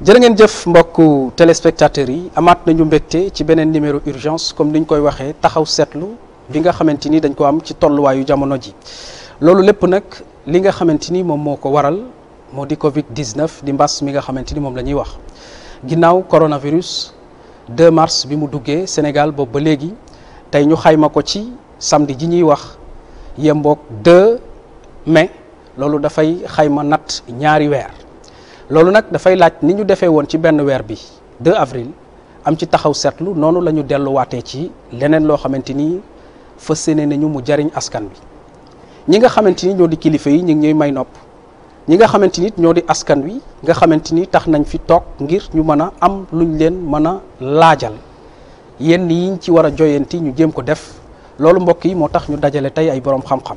jërë ngeen jëf mbokku téléspectateurs yi amaat nañu mbégte ci beneen numéro urgence comme ni ñu koy waxee taxaw seetlu bi nga xamante ni dañ ko am ci tolluwaayu jamono ji loolu lépp nag li nga xamante ni moom moo ko waral moo di Covid 19 di mbas mi nga xamante ni moom la wax ginnaaw coronavirus 2 mars bi mu duggee Sénégal boobu ba léegi tey ñu xayma ko ci samdi ji ñuy wax yemboog 2 mai loolu dafay xayma nat ñaari weer. loolu nag dafay laaj ni ñu defee woon ci benn weer bi 2 avril am ci taxaw seetlu noonu la ñu delluwaatee ci leneen loo xamante ni fas yéene nañu mu jariñ askan bi ñi nga xamante ni ñoo di kilifa yi ñu ngi ñuy may nopp ñi nga xamante ni ñoo di askan wi nga xamante ni tax nañ fi toog ngir ñu mën a am luñ leen mën a laajal yenn yiñ ci war a joyanti ñu jéem ko def loolu mbokk yi moo tax ñu dajale tey ay boroom xam-xam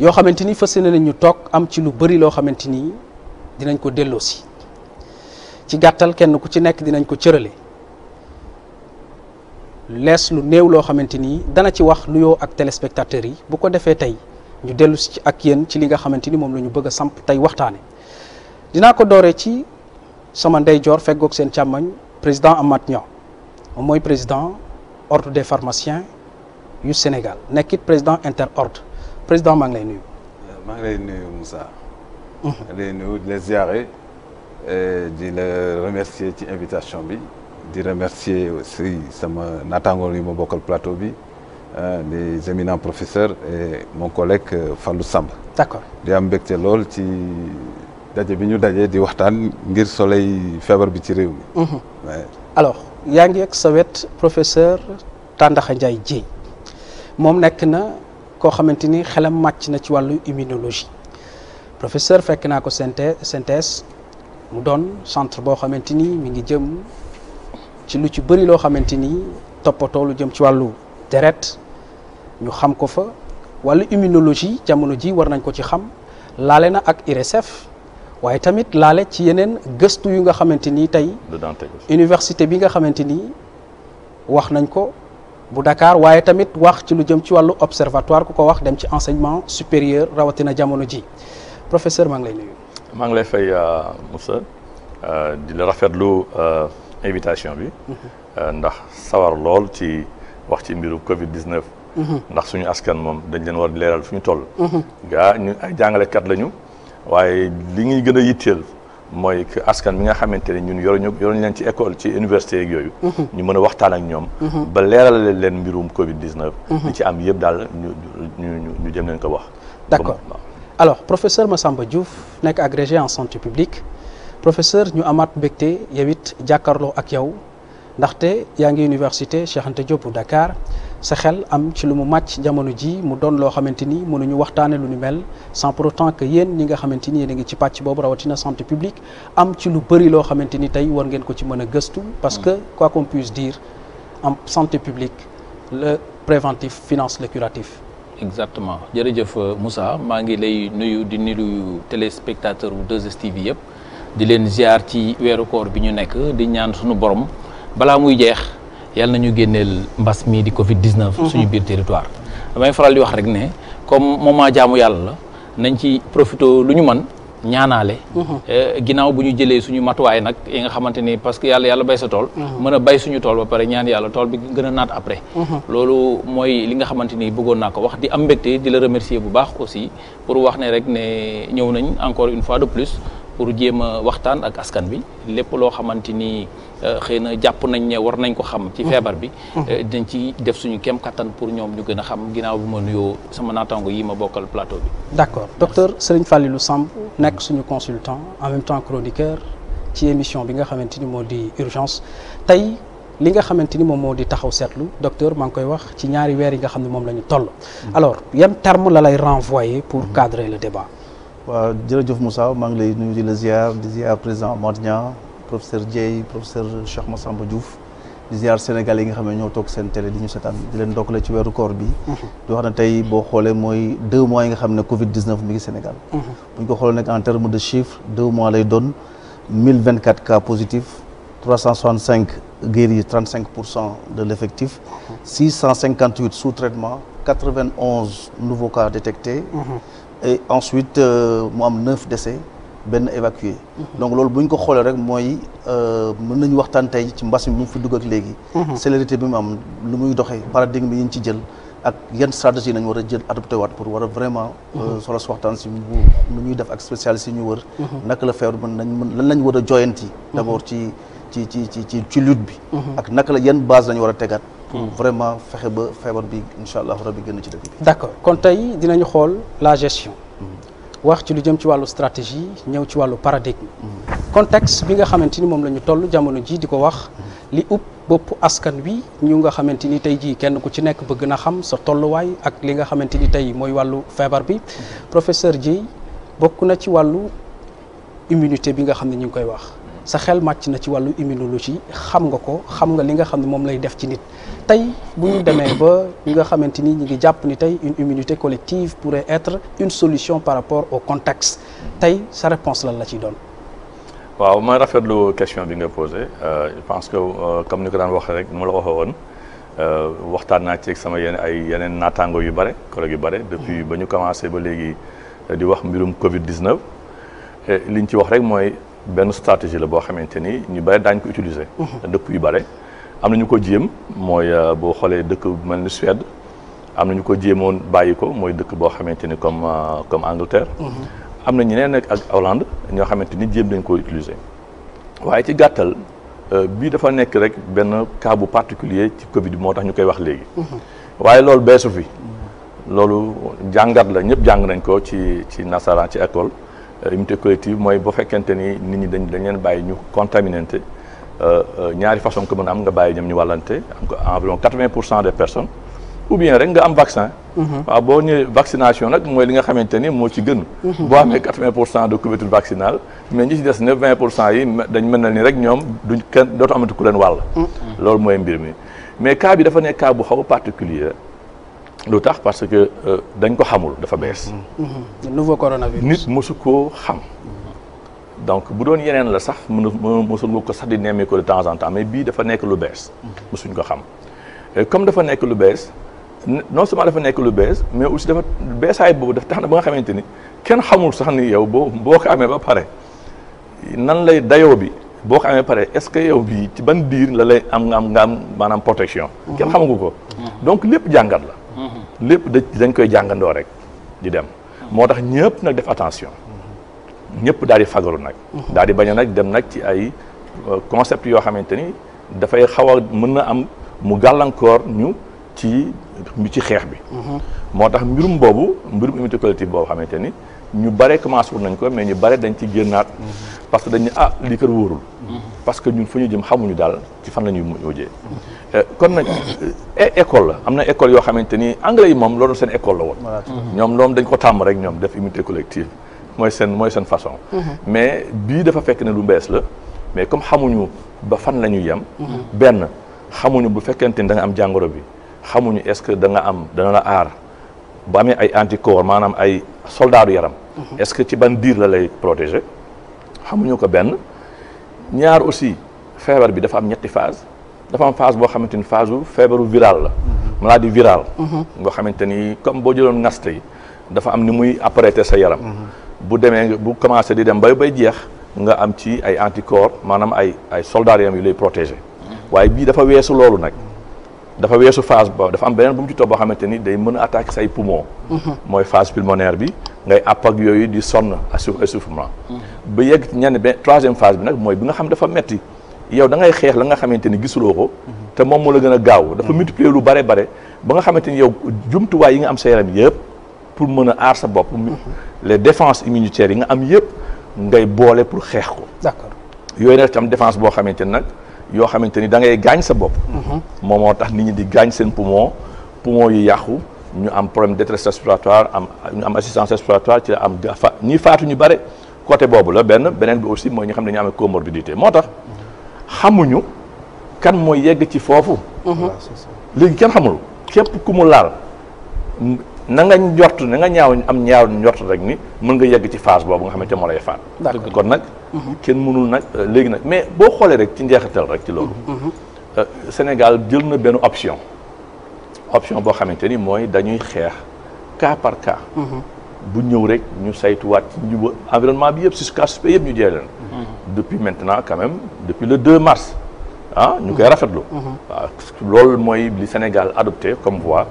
yoo xamante ni fas yéene nañ ñu toog am ci lu bëri loo xamante ni. dinañ ko delloosi ci gàttal kenn ku ci nekk dinañ ko cërale lees lu néew loo xamante ni dana ci wax nuyoo ak téléspectateurs yi bu ko defee tey ñu dellusi ci ak yéen ci li nga xamante ni moom la ñu bëgg a samp tey waxtaane dinaa ko dooree ci sama ndeyjoor feggoog seen càmmañ président Amath Niang moom mooy président ordre de pharmaciens yu Sénégal nekkit président inter ordre président maa ngi lay nuyu. maa ngi lay nuyu Mmh. di nuyu di la ziare di la remercier ci invitation bi di remercier aussi sama naataangoor yu ma bokkal plateau bi euh, les éminents professeurs et mon collègue euh, Fallou sàmb d'accord di am mbégte lool ci daje bi ñu daje di waxtaan ngir soleil feebar bi ci réew mi. Mmh. alors yaa ngi ak sa wet professeur Tandakha Ndiaye Dièye moom nekk na koo xamante ni xelam màcc na ci wàllu immunologie. professeur fekk naa ko synthèse mu doon centre boo xamante ni mi ngi jëm ci lu ci bëri loo xamante ni toppatoo lu jëm ci wàllu deret ñu xam ko fa wàllu immunologie jamono ji war nañ ko ci xam laale na ak IRSF waaye tamit laale ci yeneen gëstu yu nga xamante ni tey université bi nga xamante ni wax nañ ko bu Dakar waaye tamit wax ci lu jëm ci wàllu observatoire ku ko wax dem ci enseignement supérieur rawatina jamono ji professeur maa ngi lay nuyu. maa ngi lay fay euh, Moussa euh, di la rafetlu euh, invitation bi. Mm-hmm. ndax sawar lool ci wax ci mbiru Covid 19. Mm-hmm. ndax suñu askan moom dañ leen war leeral fu ñu toll. Mm-hmm. gaa ñu ay jàngalekat lañu waaye li ñuy gën a yitteel mooy que askan bi nga xamante ne ñun yoruñu yoruñu leen ci école ci université yeeg yooyu. ñu mën a waxtaan ak ñoom. ba leeral leen mbirum Covid 19. li ci am yëpp daal ñu ñu ñu jëm leen ko wax. d'accord alors professeur Massamba Diouf nekk agrégé en santé publique professeur ñu amaat mbégte yow it jàkkaarloo ak yow ndaxte yaa ngi université Cheikh Anta Diop Dakar sa xel am ci lu mu màcc jamono ji mu doon loo xamante ni mënuñu waxtaane lu ni mel sans pour autant que yéen ñi nga xamante ni yéen a ngi ci pàcc boobu rawatina santé publique am ci lu bëri loo xamante ni tey war ngeen ko ci mën a gëstu parce que quoi qu'on puisse dire en santé publique le préventif finance le exactement jërëjëf euh, Moussa maa ngi lay nuyu di nuyu téléspectateur bu 2STV yëpp di leen ziar ci weeru koor bi ñu nekk di ñaan suñu borom balaa muy jeex yàlla na ñu génneel mbas mii di Covid 19. Mhm. suñu biir territoire damay faral di wax rek ne comme moment jaamu yàlla la nañ ci profité lu ñu man ñaanaale mhm. eh, ginnaaw bu ñu jëlee suñu matuwaay nag yi nga xamante ni parce que yàlla yàlla bay sa tool mhm. mën a bay suñu tool ba pare ñaan yàlla tool bi gën a naat après mhm. loolu mooy li nga xamante bëggoon naa ko wax di am mbégte di la remercier bu baax aussi pour wax ne rek ne ñëw nañ encore une fois de plus pour jéem a waxtaan ak askan bi lépp loo xamante ni euh, xëy na jàpp nañ ne war nañ ko xam. ci feebar bi. Euh, dañ ci def suñu kem kattan pour ñoom ñu gën a xam ginaaw bi ma nuyoo sama naataango yi ma bokkal plateau bi. d' accord docteur Serigne lu Samb nekk suñu consultant en même temps chroniqueur ci émission bi nga xamante ni moo di urgence tey. li nga xamante ni moom moo di taxaw seetlu docteur maa ngi koy wax ci ñaari weer yi nga xam ne moom la ñu toll. alors yan terme la lay pour cadrer le débat. waaw jërëjëf Moussa maa ngi lay nuyu di la ziar di ziar président Omar professeur Dieye professeur Cheikh Massamba Diouf di ziar Sénégal yi nga xam ne ñoo toog seen télé di ñu seetaan di leen ndokkale ci weeru koor bi. Mm-hmm. di wax ne tey boo xoolee mooy deux mois yi nga xam ne Covid 19 mi ngi Sénégal. Mm-hmm. bu ñu ko xoolee nag en terme de chiffre deux mois lay doon mille vingt quatre cas positifs trois cent cinq pour cent de l' effectif. Mm-hmm. six cent cinquante huit sous traitement quatre vingt onze nouveaux cas et ensuite euh, mu am neuf décès benn évacué. Mhm. donc loolu bu ñu ko xoolee rek mooy euh, mën nañu waxtaan tey ci mbas mi bu mu fi dugg ak léegi. Mhm. célérité bi mu am lu muy doxee paradigme bi ñu ci jël. ak yan stratégie nañ war a jël adopté waat pour war a vraiment. Euh, mhm. solo su waxtaan si mu ñuy def ak spécialiste si ñu wër. naka la feebar mën nañ mën lan lañ war a joyanti. yi abord ci ci ci ci ci lutte bi. ak naka la yan base lañu war a tegaat. pour vraiment fexe ba feebar bi incha allah rabi génn ci dëkk bi. d' accord kon tey dinañu xool la gestion. wax ci lu jëm ci wàllu stratégie ñëw ci wàllu paradigme. contexte bi nga xamante ni moom la ñu toll jamono ji di ko wax. li ëpp bopp askan wi ñu nga xamante ni tey jii kenn ku ci nekk bëgg na xam sa tolluwaay ak li nga xamante ni tey mooy wàllu feebar bi. professeur Dièye bokk na ci wàllu immunité bi nga xam ne ñu ngi koy wax. sa xel màcc na ci wàllu immunologie xam nga ko xam nga li nga xam ne moom lay def ci nit. tey bu ñu demee ba ñi nga xamante ni ñu ngi jàpp ni tey une immunité collective pour être une solution par rapport au contexte tey sa réponse lan la ciy doon. waaw ma rafetlu question bi nga posé euh, je pense que euh, comme ni ko daan waxee rek nu ma la waxee woon euh, waxtaan naa ci sama yeneen ay yeneen naataango yu bare collègue yu bare. depuis ba ñu commencé ba léegi di wax mbirum Covid 19. li ñu ci wax rek mooy benn stratégie la boo xamante ni ñu bare daañ ko utiliser. Mm-hmm. dëkk bare. am na ñu ko jéem mooy euh, boo xoolee dëkk bu mel ni Suède am na ñu ko jéemoon bàyyi ko mooy dëkk boo xamante ni comme euh, comme Angleterre. Mm-hmm. am na ñeneen ak ak Hollande ñoo xamante ni jéem dañ ko utiliser. waaye ci gàttal euh, bii dafa nekk rek benn cas particulier ci Covid bi moo tax ñu koy wax léegi. Mm-hmm. waaye loolu beesu fi. loolu jàngat la ñëpp jàng nañ ko ci ci nasaraan ci école immunité collective mooy bu fekkente ni nit ñi dañ dañ leen bàyyi ñu contaminante Euh, euh, ñaari façon que mën am nga bàyyi ñoom ñu wàllante am ko environ quatre-vingt pour cent des personnes ou bien rek nga am vaccin. Mhm. waaw boo ñëwee vaccination nag mooy li nga xamante ni moo ci gën. Mhm. boo amee quatre-vingt pour cent de couverture vaccinale mais ñi na ni rek ñoom duñ kenn dootu amati mhm. mooy mbir mais cas bi dafa nekk cas bu xaw a tax parce que euh, dañ ko xamul dafa bees. nouveau coronavirus nit mosu koo xam. donc bu doon yeneen la sax mënu mësul nga ko sax di nemmee ko de temps en temps mais bii dafa nekk lu bees. Mhm. suñ ko xam comme dafa nekk lu bees non seulement dafa nekk lu bees mais aussi dafa beesaay boobu daf tax na ba nga xamante ni kenn xamul sax ni yow boo boo ko amee ba pare nan lay dayo bi boo ko amee pare est-ce que yow bii ci ban diir la lay am nga am nga am maanaam protection. Mhm. kenn xamu ko. Mhm. donc lépp jàngat la. lépp dañ koy jàngandoo rek di dem. moo tax ñëpp nag def attention. ñëpp daal di fagaru nag. daal di bañ a nag dem nag ci ay euh, concept yoo xamante ni dafay xaw mën na am mu gàllankoor ñu ci mu ci xeex bi. moo tax mbirum boobu mbirum immunité collective boobu xamante ni ñu bare commencé wut nañ ko mais ñu bare dañ ci génnaat. parce que dañu a ah, lii kër wóorul. parce que ñun fu ñu jëm xamuñu daal ci fan la ñuy mujjee. Euh, kon nag école la am na école yoo xamante ni anglais yi moom loolu seen école la woon. ñoom loolu dañ ko tàmm rek ñoom def immunité collective. mooy seen mooy seen façon. Mm-hmm. mais bii dafa fekk ne lu bees la mais comme xamuñu ba fan la ñuy yem. Mm-hmm. benn xamuñu bu fekkente ni da am jàngoro bi xamuñu est-ce que da am dana la aar ba amee ay anticorps maanaam ay soldaatu yaram. Mm-hmm. est-ce que ci ban diir la lay protéger xamuñu ko benn ñaar aussi feebar bi dafa am ñetti phase dafa am phase boo xamante ni phase feebaru viral la. maladie virale. boo xamante ni comme boo jëloon ngaste yi dafa am ni muy apprêter sa yaram. bu demee bu commencé di dem bay bay jeex nga am ci ay anticorps maanaam ay ay soldats yu lay protégé waaye bii dafa weesu loolu nag dafa weesu phase ba dafa am beneen bu mu ci topp boo xamante ni day mën a attaquer say poumon. Mhm. mooy phase pulmonaire bi ngay àpp ak yooyu di sonn essoufflement mhm. ba yegg ñenn ba troisième phase bi nag mooy bi nga xam dafa metti yow da ngay xeex la nga xamante ni gisuloo ko. Mhm. te moom moo la gën a gaaw. dafa multiplier lu bare bare ba nga xamante ni yow jumtuwaay yi nga am sa yaram yëpp. pour mën a aar sa bopp. Mhm. les défence immunitaires yi nga am yëpp ngay boole pour xeex ko. d'accord yooyu nag tam défense boo xamante ni nag yoo xamante ni da ngay gaañ sa bopp. Mhm. moom moo tax nit ñi di gaañ seen poumon poumon yu yàqu ñu am problème détresse respiratoire am ñu am assistance respiratoire ci am fa ñi faatu ñu bare côté boobu la benn beneen bi aussi mooy ñi xam ne dañu amee comorbidité moo tax xamuñu kan mooy yegg ci foofu. Mhm. léegi kenn xamul képp ku mu laal na nga njort na nga ñaaw am ñaaw njort rek ni mën nga yegg ci phase boobu nga xam te moo lay faat kon nag mhm. kenn mënul nag euh, léegi nag mais boo xoolee rek ci njeexital rek ci loolu mhm. Mhm. Euh, Sénégal jël na benn option option boo xamante ni mooy dañuy xeex cas par cas bu ñëw rek ñu saytuwaat ci ñu environnement bi yëpp jusqu'à suspect yëpp ñu jee leen depuis maintenant quand même depuis le 2 mars ah ñu koy rafetlu waaw loolu mooy li Sénégal adopté comme voie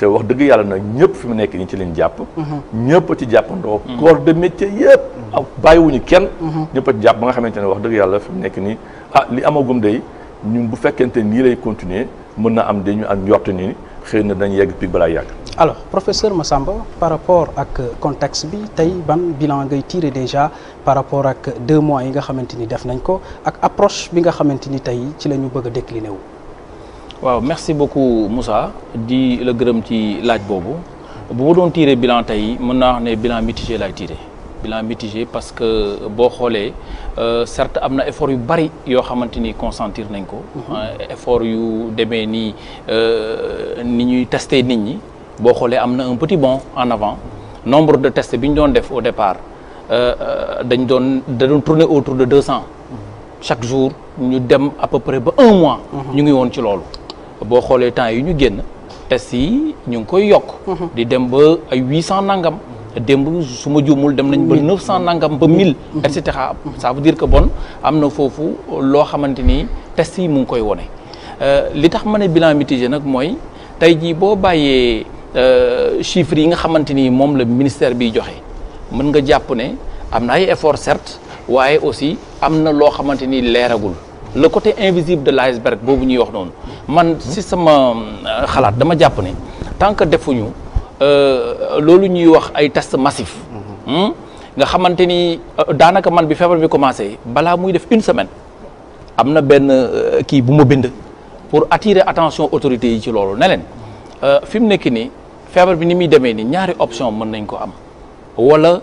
te wax dëgg yàlla na ñëpp fi mu nekk nii ci leen jàpp mhm. ñëpp ci jàppandoo mhm. corps de métier yëpp mhm. ak bàyyiwuñu kenn ñëpp jàpp ba nga xamante ne wax dëgg yàlla fi mu nekk nii ah li amagum day ñu bu fekkente nii lay continuer mën na am dañu am njort ni xëy na dañ yegg pig balaa yàgg alors professeur Massamba par rapport ak context bi tey ban bilan ngay tiire déjà par rapport ak deux mois yi nga xamante ni def nañ ko ak approche bi nga xamante ni tey ci la ñu bëgg a décliné wu waaw merci beaucoup Moussa di la gërëm ci laaj boobu bu ma doon tiré bilan tey mën naa wax ne bilan mitigé laay tiré bilan mitigé parce que boo xoolee euh, certes am na effort yu bari yoo xamante ni consentir nañ ko mhm. euh, effort yu demee nii euh, ni ñuy testé nit ñi boo xoolee am na un petit bond en avant nombre de tests bi ñu doon def au départ dañu doon da doon tourner autour de deux cents mhm. chaque jour ñu dem à près ba un mois mhm. ñu ngi woon ci loolu boo xoolee temps yi ñu génn test yi ñu ngi koy yokk mhm. di dem ba ay huit cent nangam démb su ma jumul dem nañ ba cent nangam ba mille mhm. et cetera ça veut dire que bon am na foofu loo xamante ni test yi mu ngi koy wone euh, li tax ma ne bilan mitigé nag mooy tey jii boo bàyyee euh, chiffres yi nga xamante ni moom la ministère bi joxe mën nga jàpp ne am na ay effort certes waaye aussi am na loo xamante ni leeragul le côté invisible de l'iceberg boobu ñuy wax noonu man si sama euh, xalaat dama jàpp ne tant que defuñu euh, loolu ñuy wax ay tests massifs. Hmm? nga xamante ni euh, daanaka man bi feebar bi commencé balaa muy def une semaine am na benn kii bu ma bind pour attirer attention autorités yi ci loolu ne leen fi mu nekk nii feebar bi ni muy demee ni ñaari option mën nañ ko am wala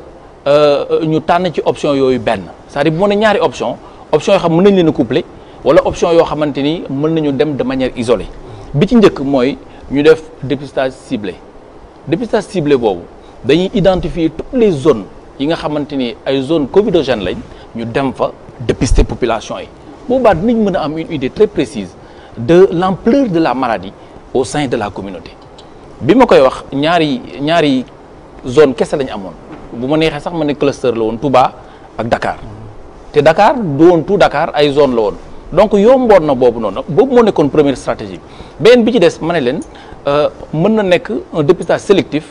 ñu tànn ci option yooyu benn c'est-à-dire bu ma ne ñaari option option yoo xam mën nañ leen a coupler wala option yoo xamante ni mën nañu dem de manière isolée bi ci njëkk mooy ñu def dépistage ciblé dépistage cible boobu dañuy identifie toutes les zones yi nga xamante ni ay zones covidogènes lañ ñu dem fa dépister population yi boobaa dinañ mën a am une idée très précise de l'ampleur de la maladie au sein de la communauté bi ma koy wax ñaari ñaari zone kese lañ amoon bu ma neexee sax ma ne cluster la woon Touba ak dakaar te dakaar du woon tout Dakar ay zone la donc yomboon na boobu noonu boobu moo nekkoon première stratégie beneen bi ci des ma ne leen euh, mën na nekk un dépistage sélectif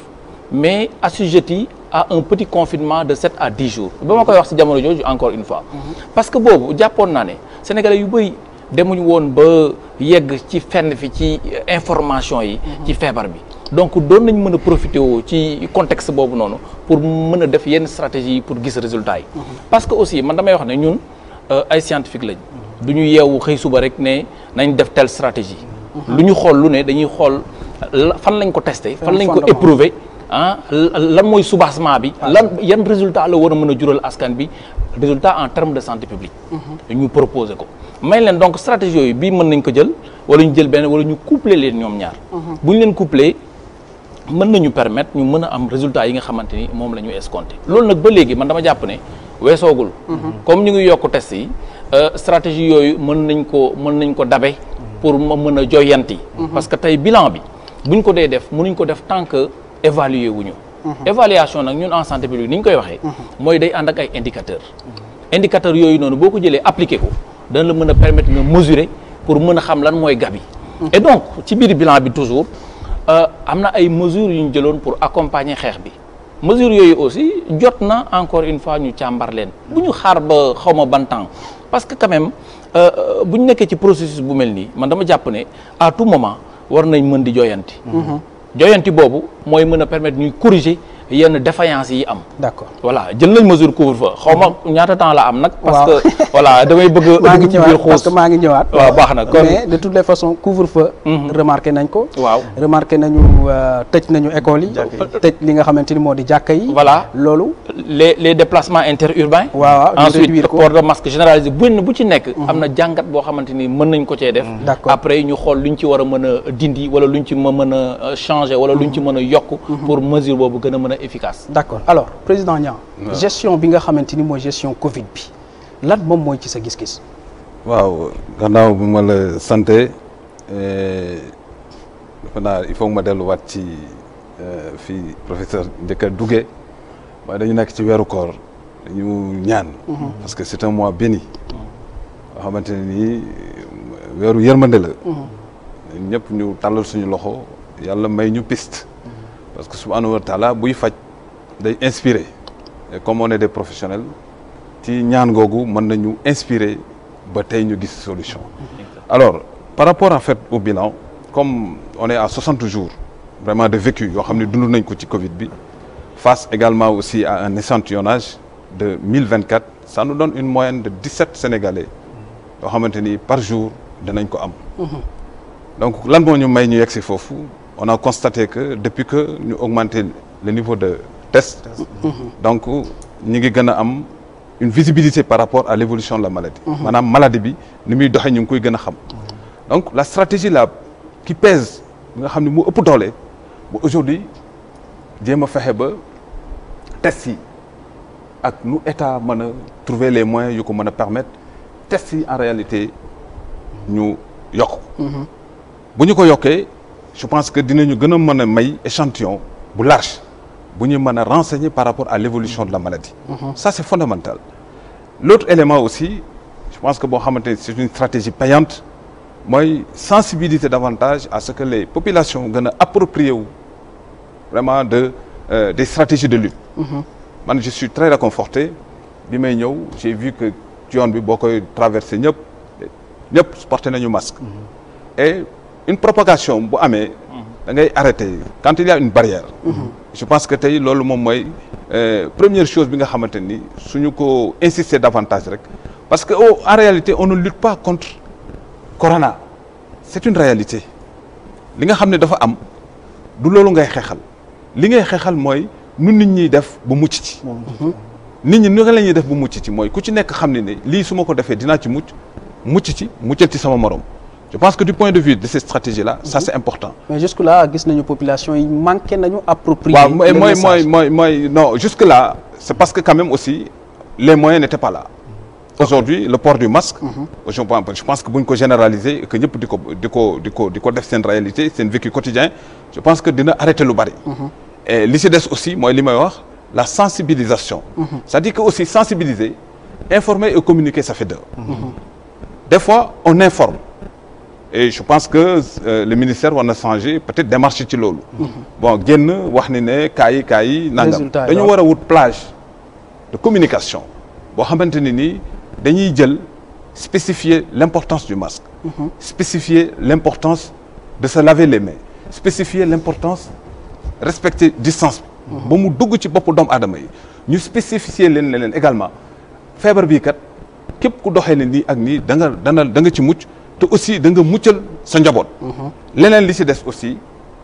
mais assujetti a un petit confinement de 7 à 10 jours ba ma koy wax si jamono jooju encore une fois. Mhm. parce que boobu jàppoon naa ne sénégalais yu bëri demuñu woon ba yegg ci fenn fi ci information yi. Mhm. ci feebar bi. donc doon nañ mën a profité woo ci contexte boobu noonu pour mën a def yenn stratégie pour gis résultat yi. Mhm. parce que aussi man damay wax ne ñun euh, ay scientifique lañ. du ñu yeewu xëy suba rek ne nañ def telle stratégie. Mhm. lu ñu xool lu ne dañuy xool fan lañ ko testé. fan lañ ko éprouvé ah lan mooy soubassement bi. Ah. lan yan résultat la war a mën a jural askan bi résultat en terme de santé publique. Mhm. ñu proposé ko may leen donc stratégie yooyu bii mën nañ ko jël wala ñu jël benn wala ñu couplé leen ñoom ñaar. Mhm. bu ñu leen couplé. mën nañu permettre ñu mën a am résultat yi nga xamante ni moom la ñu escompté loolu nag ba léegi man dama jàpp ne weesoogul mhm. comme ñu ngi yokk test yi euh, stratégie yooyu mën nañ ko mën nañ ko dabe pour ma mën a joyanti mhm. parce que tey bilan bi buñ ko dee def mënuñ ko def tant que évaluer wuñu mhm. évaluation nag ñun en santé publique ni ñu koy waxee mooy day ànd ak ay indicateurs indicateurs yooyu noonu boo ko jëlee appliqué ko dana la mën a permettre nga mesurer pour mën a xam lan mooy gab bi toujours Euh, am na ay mesures yu ñu jëloon pour accompagner xeex bi mesures yooyu aussi jot na encore une fois ñu càmbar leen bu ñu xaar ba xaw ma ban temps parce que quand même euh, euh, bu ñu nekkee ci processus bu mel nii man dama jàpp ne à tout moment war nañ mën di joyanti mhm. joyanti boobu mooy mën a permettre ñuy corriger yenn défaillance yi am. d'accord voilà jël nañ mesure couvre-feu xaw ma mm-hmm. ñaata temps la am nag. parce que voilà damay bëgg. maa ngi ñëwaat parce que maa ngi ñëwaat. waaw baax na kon mais de toutes les façons couvre-feu. Mm-hmm. remarqué nañ ko. waaw remarqué nañu euh, tëj nañu école yi. tëj li nga xamante ni moo di jàkka yi. voilà loolu. les les inter interurbains. waaw waaw ensuite port de masque généralisé benn bu ci nekk. Mm-hmm. am na jàngat boo xamante ni mën nañ ko cee def. d'accord après ñu xool luñ ci war a mën a dindi wala luñ ci mën a euh, changer wala luñ ci mën a yokk pour mesure boobu gën mën a efficace. d' accord alors président Niang. gestion bi nga xamante ni mooy gestion Covid bi lan moom mooy ci sa gis-gis. waaw gannaaw bi ma la santé eh, defe il faut ma delluwaat ci eh, fii professeur njëkk a duggee waaye dañu nekk ci weeru koor ñu ñaan. Mhm. parce que c' est mois béni. nga xamante ne nii weeru yërmande la. Mhm. ñëpp ñu tàllal suñu loxo yàlla may ñu piste. parce que subhanahu wa taala buy faj day inspiré et comme on est des professionnels ci ñaan googu mën nañu inspiré ba tey ñu gis solution alors par rapport en fait au bilan comme on est à 60 jours vraiment de vécu yoo xam ne dund nañ ko ci Covid bi face également aussi à un échantillonnage de 1024 ça nous donne une moyenne de 17 Sénégalais yoo xamante ni par jour danañ ko am mhm. donc lan ñu may ñu yegg si foofu on a constaté que depuis que ñu augmenté le niveau de test mhm. donc ñi ngi gën a am une visibilité par rapport à l'évolution de la maladie mhm. maanaam maladie bi ni muy doxe ñu ngi koy gën a xam donc la stratégie la qui pèse nga xam ne mu ëpp doole ba aujourd'hui jéem a fexe ba test yi ak nu état mën a trouver les moyens yu ko mën a permettre test yi en réalité ñu yokk mhm. bu ñu ko yokkee je pense que dinañu gën a mën a may échantillon bu large bu ñu mën a renseigner par rapport a l'évolution de la maladie mmh. ça c'est fondamental l'autre élément aussi je pense que boo xamante ne c'est une stratégie payante mooy sensibiliser davantage à ce que les populations gën a approprier wu vraiment de euh, des stratégies de lutte mhm. man mmh. je suis très réconforté bi may ñëw j'ai vu que yoon bi boo koy traversé ñëpp ñëpp porté nañu masque mhm. et une propagation bu amee. da ngay arrêté quand il une barrière. Mhm. je pense que tey loolu moom mooy euh, première chose bi nga xamante ni suñu ko insister davantage rek parce que oh, en réalité on ne lutte pas contre corona c'est une réalité li nga xam ne dafa am du loolu ngay xeexal li ngay xeexal mooy nu nit ñiy def bu mucc ci. Mhm. nit ñi nu la ñuy def bu mucc ci mooy ku ci nekk xam ni ne lii su ma ko defee dinaa ci mucc mucc ci muccal ci sama morom. je pense que du point de vue de ces stratégies-là ça mhm. c'est important. mais jusque-là gis nañu population yi manqué nañu approprier. waaw mooy mooy mooy mooy non jusque-là c'est parce que quand même aussi les moyens n'étaient pas là. aujourd'hui le port du masque aujourd'hui mhm. je pense que bu ñu ko généraliser que ñëpp di ko di ko di ko di ko def seen réalité seen vécu quotidien je pense que dina arrêter lu bari mhm. et li ci des aussi mooy li may wax la sensibilisation c'est-à-dire que aussi sensibiliser informer et communiquer ça fois on informe je pense que euh, le ministère war na changer peut-être démarche ci loolu. bon génn wax ni ne kaay yi kaay yi. nangam dañu war a wut plage de communication boo xamante ne nii dañuy jël spécifier l'importance du masque. Mhm. spécifier l'importance de se laver les mains. spécifier l'importance respecter distance bi. Mhm. ba mu dugg ci boppu doom aadama yi ñu spécifier leen ne leen également feebar bii kat képp ku doxee ne nii ak nii dana nga dana da nga ci mucc. te aussi da nga muccal sa njaboot. Mhm. leneen li ci des aussi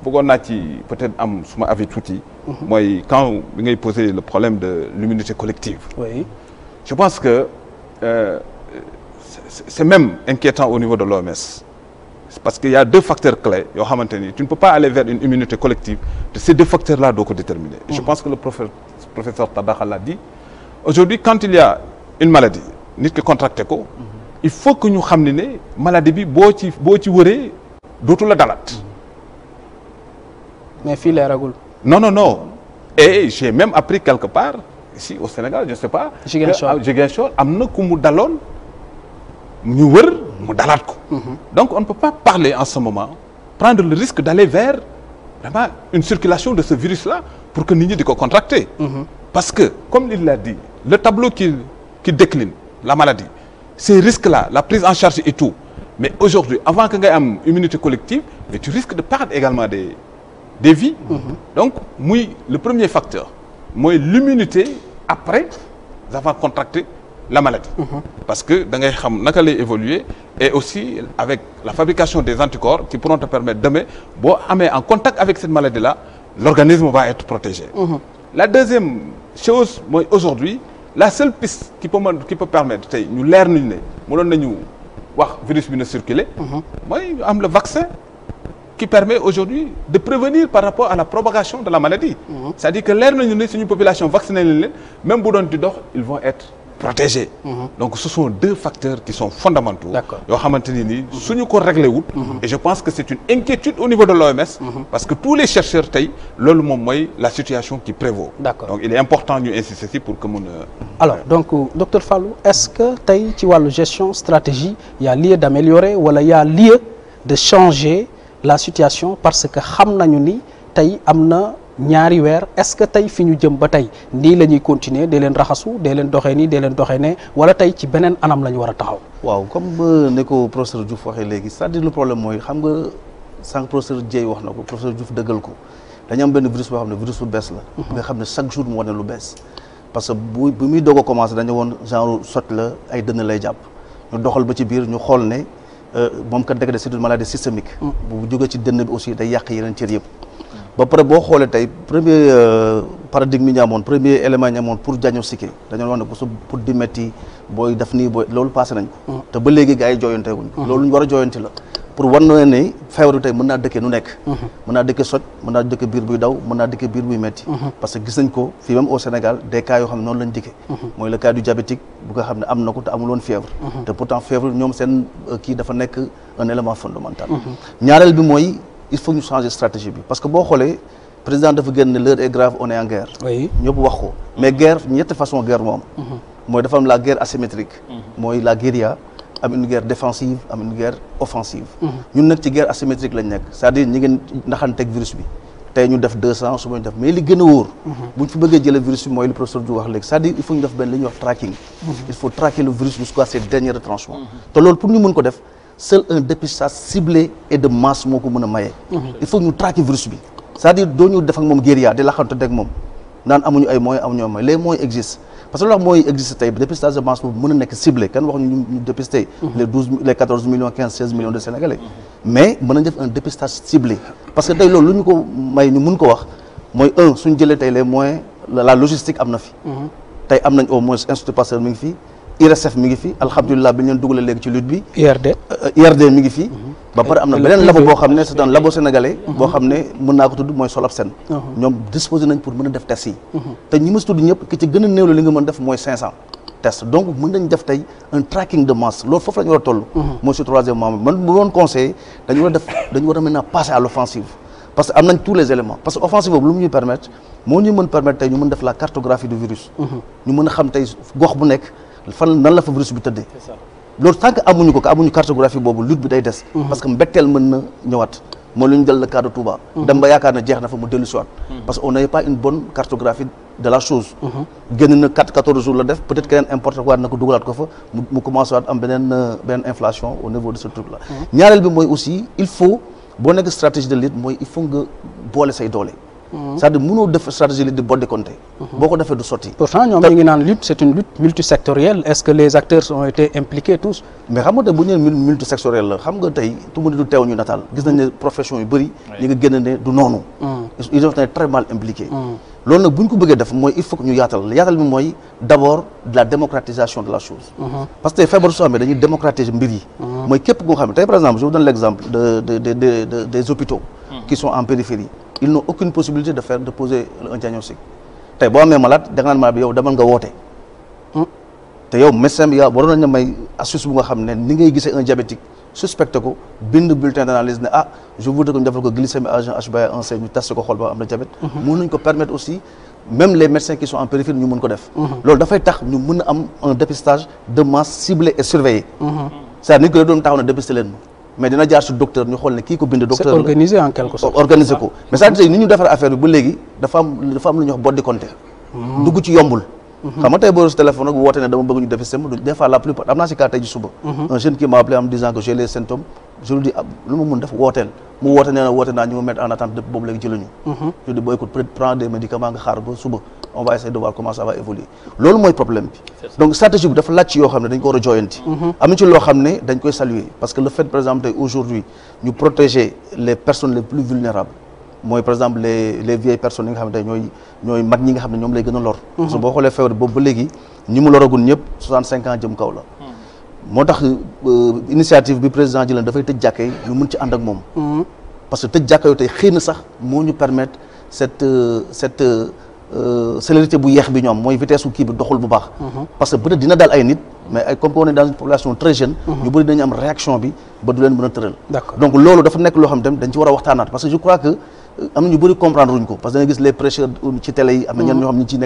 bëggoon naa ci peut-être am suma avis tuuti. Mhm. mooy kan bi ngay poser le problème de l'immunité collective. je pense que euh, c'est même inquiétant au niveau de l'OMS. parce qu'il y a deux facteurs clés yoo xamante ni tu ne peux pas aller vers une immunité collective te ces deux facteurs là doo ko déterminer. je mhm. pense que le professeur professeur Tandakha l'a dit aujourd'hui quand il y a une maladie nit ki contracté ko. il faut que ñu xam ne ne maladie bi boo ci boo ci wëree dootu la dalaat. mais fii leeragul. non non non et j'ai même appris quelque part ici au Sénégal je ne sais pas. Ziguinchor ah, Ziguinchor am na ku mu daloon ñu wër mu dalaat ko. Mhm. donc on ne peut pas parler en ce moment prendre le risque d'aller vers vraiment une circulation de ce virus là pour que nit ñi di ko contracter. Mhm. parce que comme il l'a dit le tableau qui décline la maladie. ces risques-là, la prise en charge et tout. Mais aujourd'hui, avant que tu am une immunité collective, mais tu risques de perdre également des, des vies. Mhm. Donc, muy le premier facteur, moi l'immunité après avoir contracté la maladie. Mm -hmm. Parce que tu sais évoluer et aussi avec la fabrication des anticorps qui pourront te permettre demain, bon, en contact avec cette maladie-là, l'organisme va être protégé. Mm -hmm. La deuxième chose, moi aujourd'hui, la seule piste qui peut mën qui permettre tey ñu leer nañu ne mënoon nañu virus bi na circuler mhm. mooy am le vaccin qui permet aujourd'hui de prévenir par rapport à la propagation de la maladie mhm. c'est-à-dire que leer nañu ne suñu population vaccinée lañ leen même bu doon di dox ils vont protégé. Mhm. donc ce sont deux facteurs qui sont fondamentaux. yoo xamante ni nii suñu ko réglé wut. Mhm. et je pense que c'est une inquiétude au niveau de l'OMS. Mhm. parce que tous les chercheurs tey loolu moom mooy la situation qui prévaut. donc il est important ñu insister si pour que mun a. alors donc euh, docteur Fallou est-ce que tey ci wàllu gestion stratégie il y a lieu d'améliorer wala il y lieu de changer la situation parce que xam nañu ni tey am na. ñaari weer est-ce que tey fi ñu jëm ba tey nii la ñuy continuer dee leen raxasu dee leen doxee nii dee leen doxee ne wala tey ci beneen anam la ñu war a taxaw. waaw comme euh, ni ko professeur Diouf léegi sa à dire le problème mooy xam nga sànq professeur Dieye wax na ko professeur Diouf dëggal ko dañu am benn virus boo xam ne virus bu bees la. Mhm. nga xam ne chaque jour mu wane lu bees. parce que bu bu muy doog a commencé dañu woon genre sot la ay dënn lay jàpp ñu doxal ba ci biir ñu xool ne euh, moom kat dëgg de c'est une maladie systémique. Mhm. bu jógee ci dënn bi aussi day yàq yeneen cër yëpp. ba pare boo xoolee tey premier euh, paradigme ñi amoon premier élément ñi pour diagnostiquer dañoo wax ne ko pour di métti booy def nii booy loolu passé nañ mm. te ba léegi gars yi mm. loolu war a jooyanti la. pour war na ne dëkkee nu nekk mm-hmm. mën naa dëkkee soj mën naa dëkkee biir buy daw mën naa dëkkee biir buy metti mm-hmm. parce que gis nañ ko fii même au Sénégal des cas yoo xam ne noonu lañ dikkee mm-hmm. mooy le cas du diabétique bu xam ne am na ko te amuloon il faut ñu changer stratégie bi parce que boo xoolee président dafa génn ne l'heure grave on est en guerre. oui wax ko mais guerre ñetti façon guerre moom. Mhm. mooy dafa la guerre asymétrique. Mhm. mooy la guerre défensive am mhm. nekk c'est-à-dire ñi ngeen virus bi. tey ñu def deux suba ñu def mais li gën wóor. bu ñu fi bëggee jëlee virus bi mooy li professeur Diouf wax léegi cest à il faut ñu def benn li ñuy wax tracking. il faut traquer le virus jusqu'à ses seul un dépistage ciblé et de masse moo ko mën a maye. Mhm. il faut ñu traquer virus bi. cest dire doo ñu def ak moom guérilla di laxante ak moom naan amuñu ay moyens amuñu ay moyens les moyens existent parce existe mhm. parce que loolu lu ko may ñu mun ko wax mooy un suñu jëlee tey les moyens la logistique am na fi. Mhm. tey am nañ au moins institut Pasteur mi ngi fii. IRSF mi ngi fi alhamdulilah bi ñu leen dugalee léegi ci lutte bi. IRD euh, IRD mi ngi fi. Mhm. ba pare am na beneen labo boo xam ne c'est un labo sénégalais. Mhm. boo xam ne mën naa ko tudd mooy Solab Sen. Mhm. ñoom disposé nañ pour mën a def test yi. te ñi ma tudd ñëpp ki ci gën a li nga mën def mooy 500. test donc mën nañ def tey un tracking de masse loolu foofu la war a toll. mooy sur troisième membre man bu doon dañu war a def dañu war a mën a passer fan la fa virus bi tëddee loolu tant amuñu ko amuñu cartographie boobu lutte bi day des mm-hmm. parce que mbetteel mën na ñëwaat mooy lu ñu dal le cas de Touba mm-hmm. yaakaar na jeex na fa mu dellu siwaat mm-hmm. parce que on n'avait pas une bonne cartographie de la chose génn na quatre quatorze jours la def peut être keneen importé ko waat na ko dugalaat ko fa mu commencé waat am euh, beneen inflation au niveau de ce truc là ñaareel bi mooy aussi il faut boo nekk stratégie c'est-à-dire def stratégie lutte di boddi compté mhm. boo ko defee du sotti pourtant ñoom ñu ngi naan lutte c'est une lutte multisectorielle est-ce que les acteurs ont été impliqués tous mais xam nga tey bu ñu nee multisectorielle la xam nga tey tout le du teew ñu nataal gis nañ profession yu bëri ñi nga ne du noonu mm. ils ont été très mal impliqués mm. loolu nag bu ñu ko bëggee def mooy il faut ñu yaatal yaatal bi mooy d'abord de la démocratisation de la chose mm-hmm. qui sont en périphérie ils n'ont aucune possibilité de faire de poser un diagnostic tey boo amee malade da naan malade bi yow demal nga woote hmm? te yow médecin bi waroon nañ la may astuce bu nga xam ne ni ngay gisee un diabétique suspecté ko bind bulletin d'analyse ne ah je voudrais que ñu defal ko glycémie agent HbA1c ñu test ko xool ba am na diabète mën hmm. nañ ko permettre aussi même les médecins qui en périphérie ñu mën ko def hmm. loolu dafay a mais dina jaar su docteur ñu xool ne kii ko bind docteur c'est organisé en quelque sorte organisé ko ah. mais ni ñu defar affaire bi ba léegi dafa am dafa am lu ñuy boddi compté hmm. dugg ci yombul hmm. xam nga tey boo reçu téléphone ak woote ne dama bëgg ñu def système des fois la plupart am naa si cas tey ji suba hmm. un jeune qui m'a appelé en me disant que j'ai les symptômes je ah, lu ma mun def wooteel mu woote nee na woote naa ñu ma en attente depuis boobu léegi jëluñu on va essayer de voir loolu mooy problème bi donc stratégie bi dafa laaj yoo xam ne dañ ko war a mhm. am na ci loo xam ne dañ koy saluer parce que le fait par exemple tey aujourd'hui ñu protéger les personnes les plus vulnérables mooy par exemple les vieilles personnes yi nga xam ne ñooy ñooy mag ñi nga xam ne ñoom lay gën a lor mhm. parce que boo xoolee feebar boobu ba léegi ñi mu loragul ñëpp 65 ans jëm kaw la mhm. moo tax euh, initiative bi président ji dafay tëj Euh, célérité bu yeex bi ñoom mooy vitesse su kii bi doxul bu baax. Mhm. parce que dina dal ay nit. mais ay comme on est population très jeune. Mhm. ñu bëri dañu am réaction bi ba du leen mën a tëral. donc loolu euh, euh, mhm.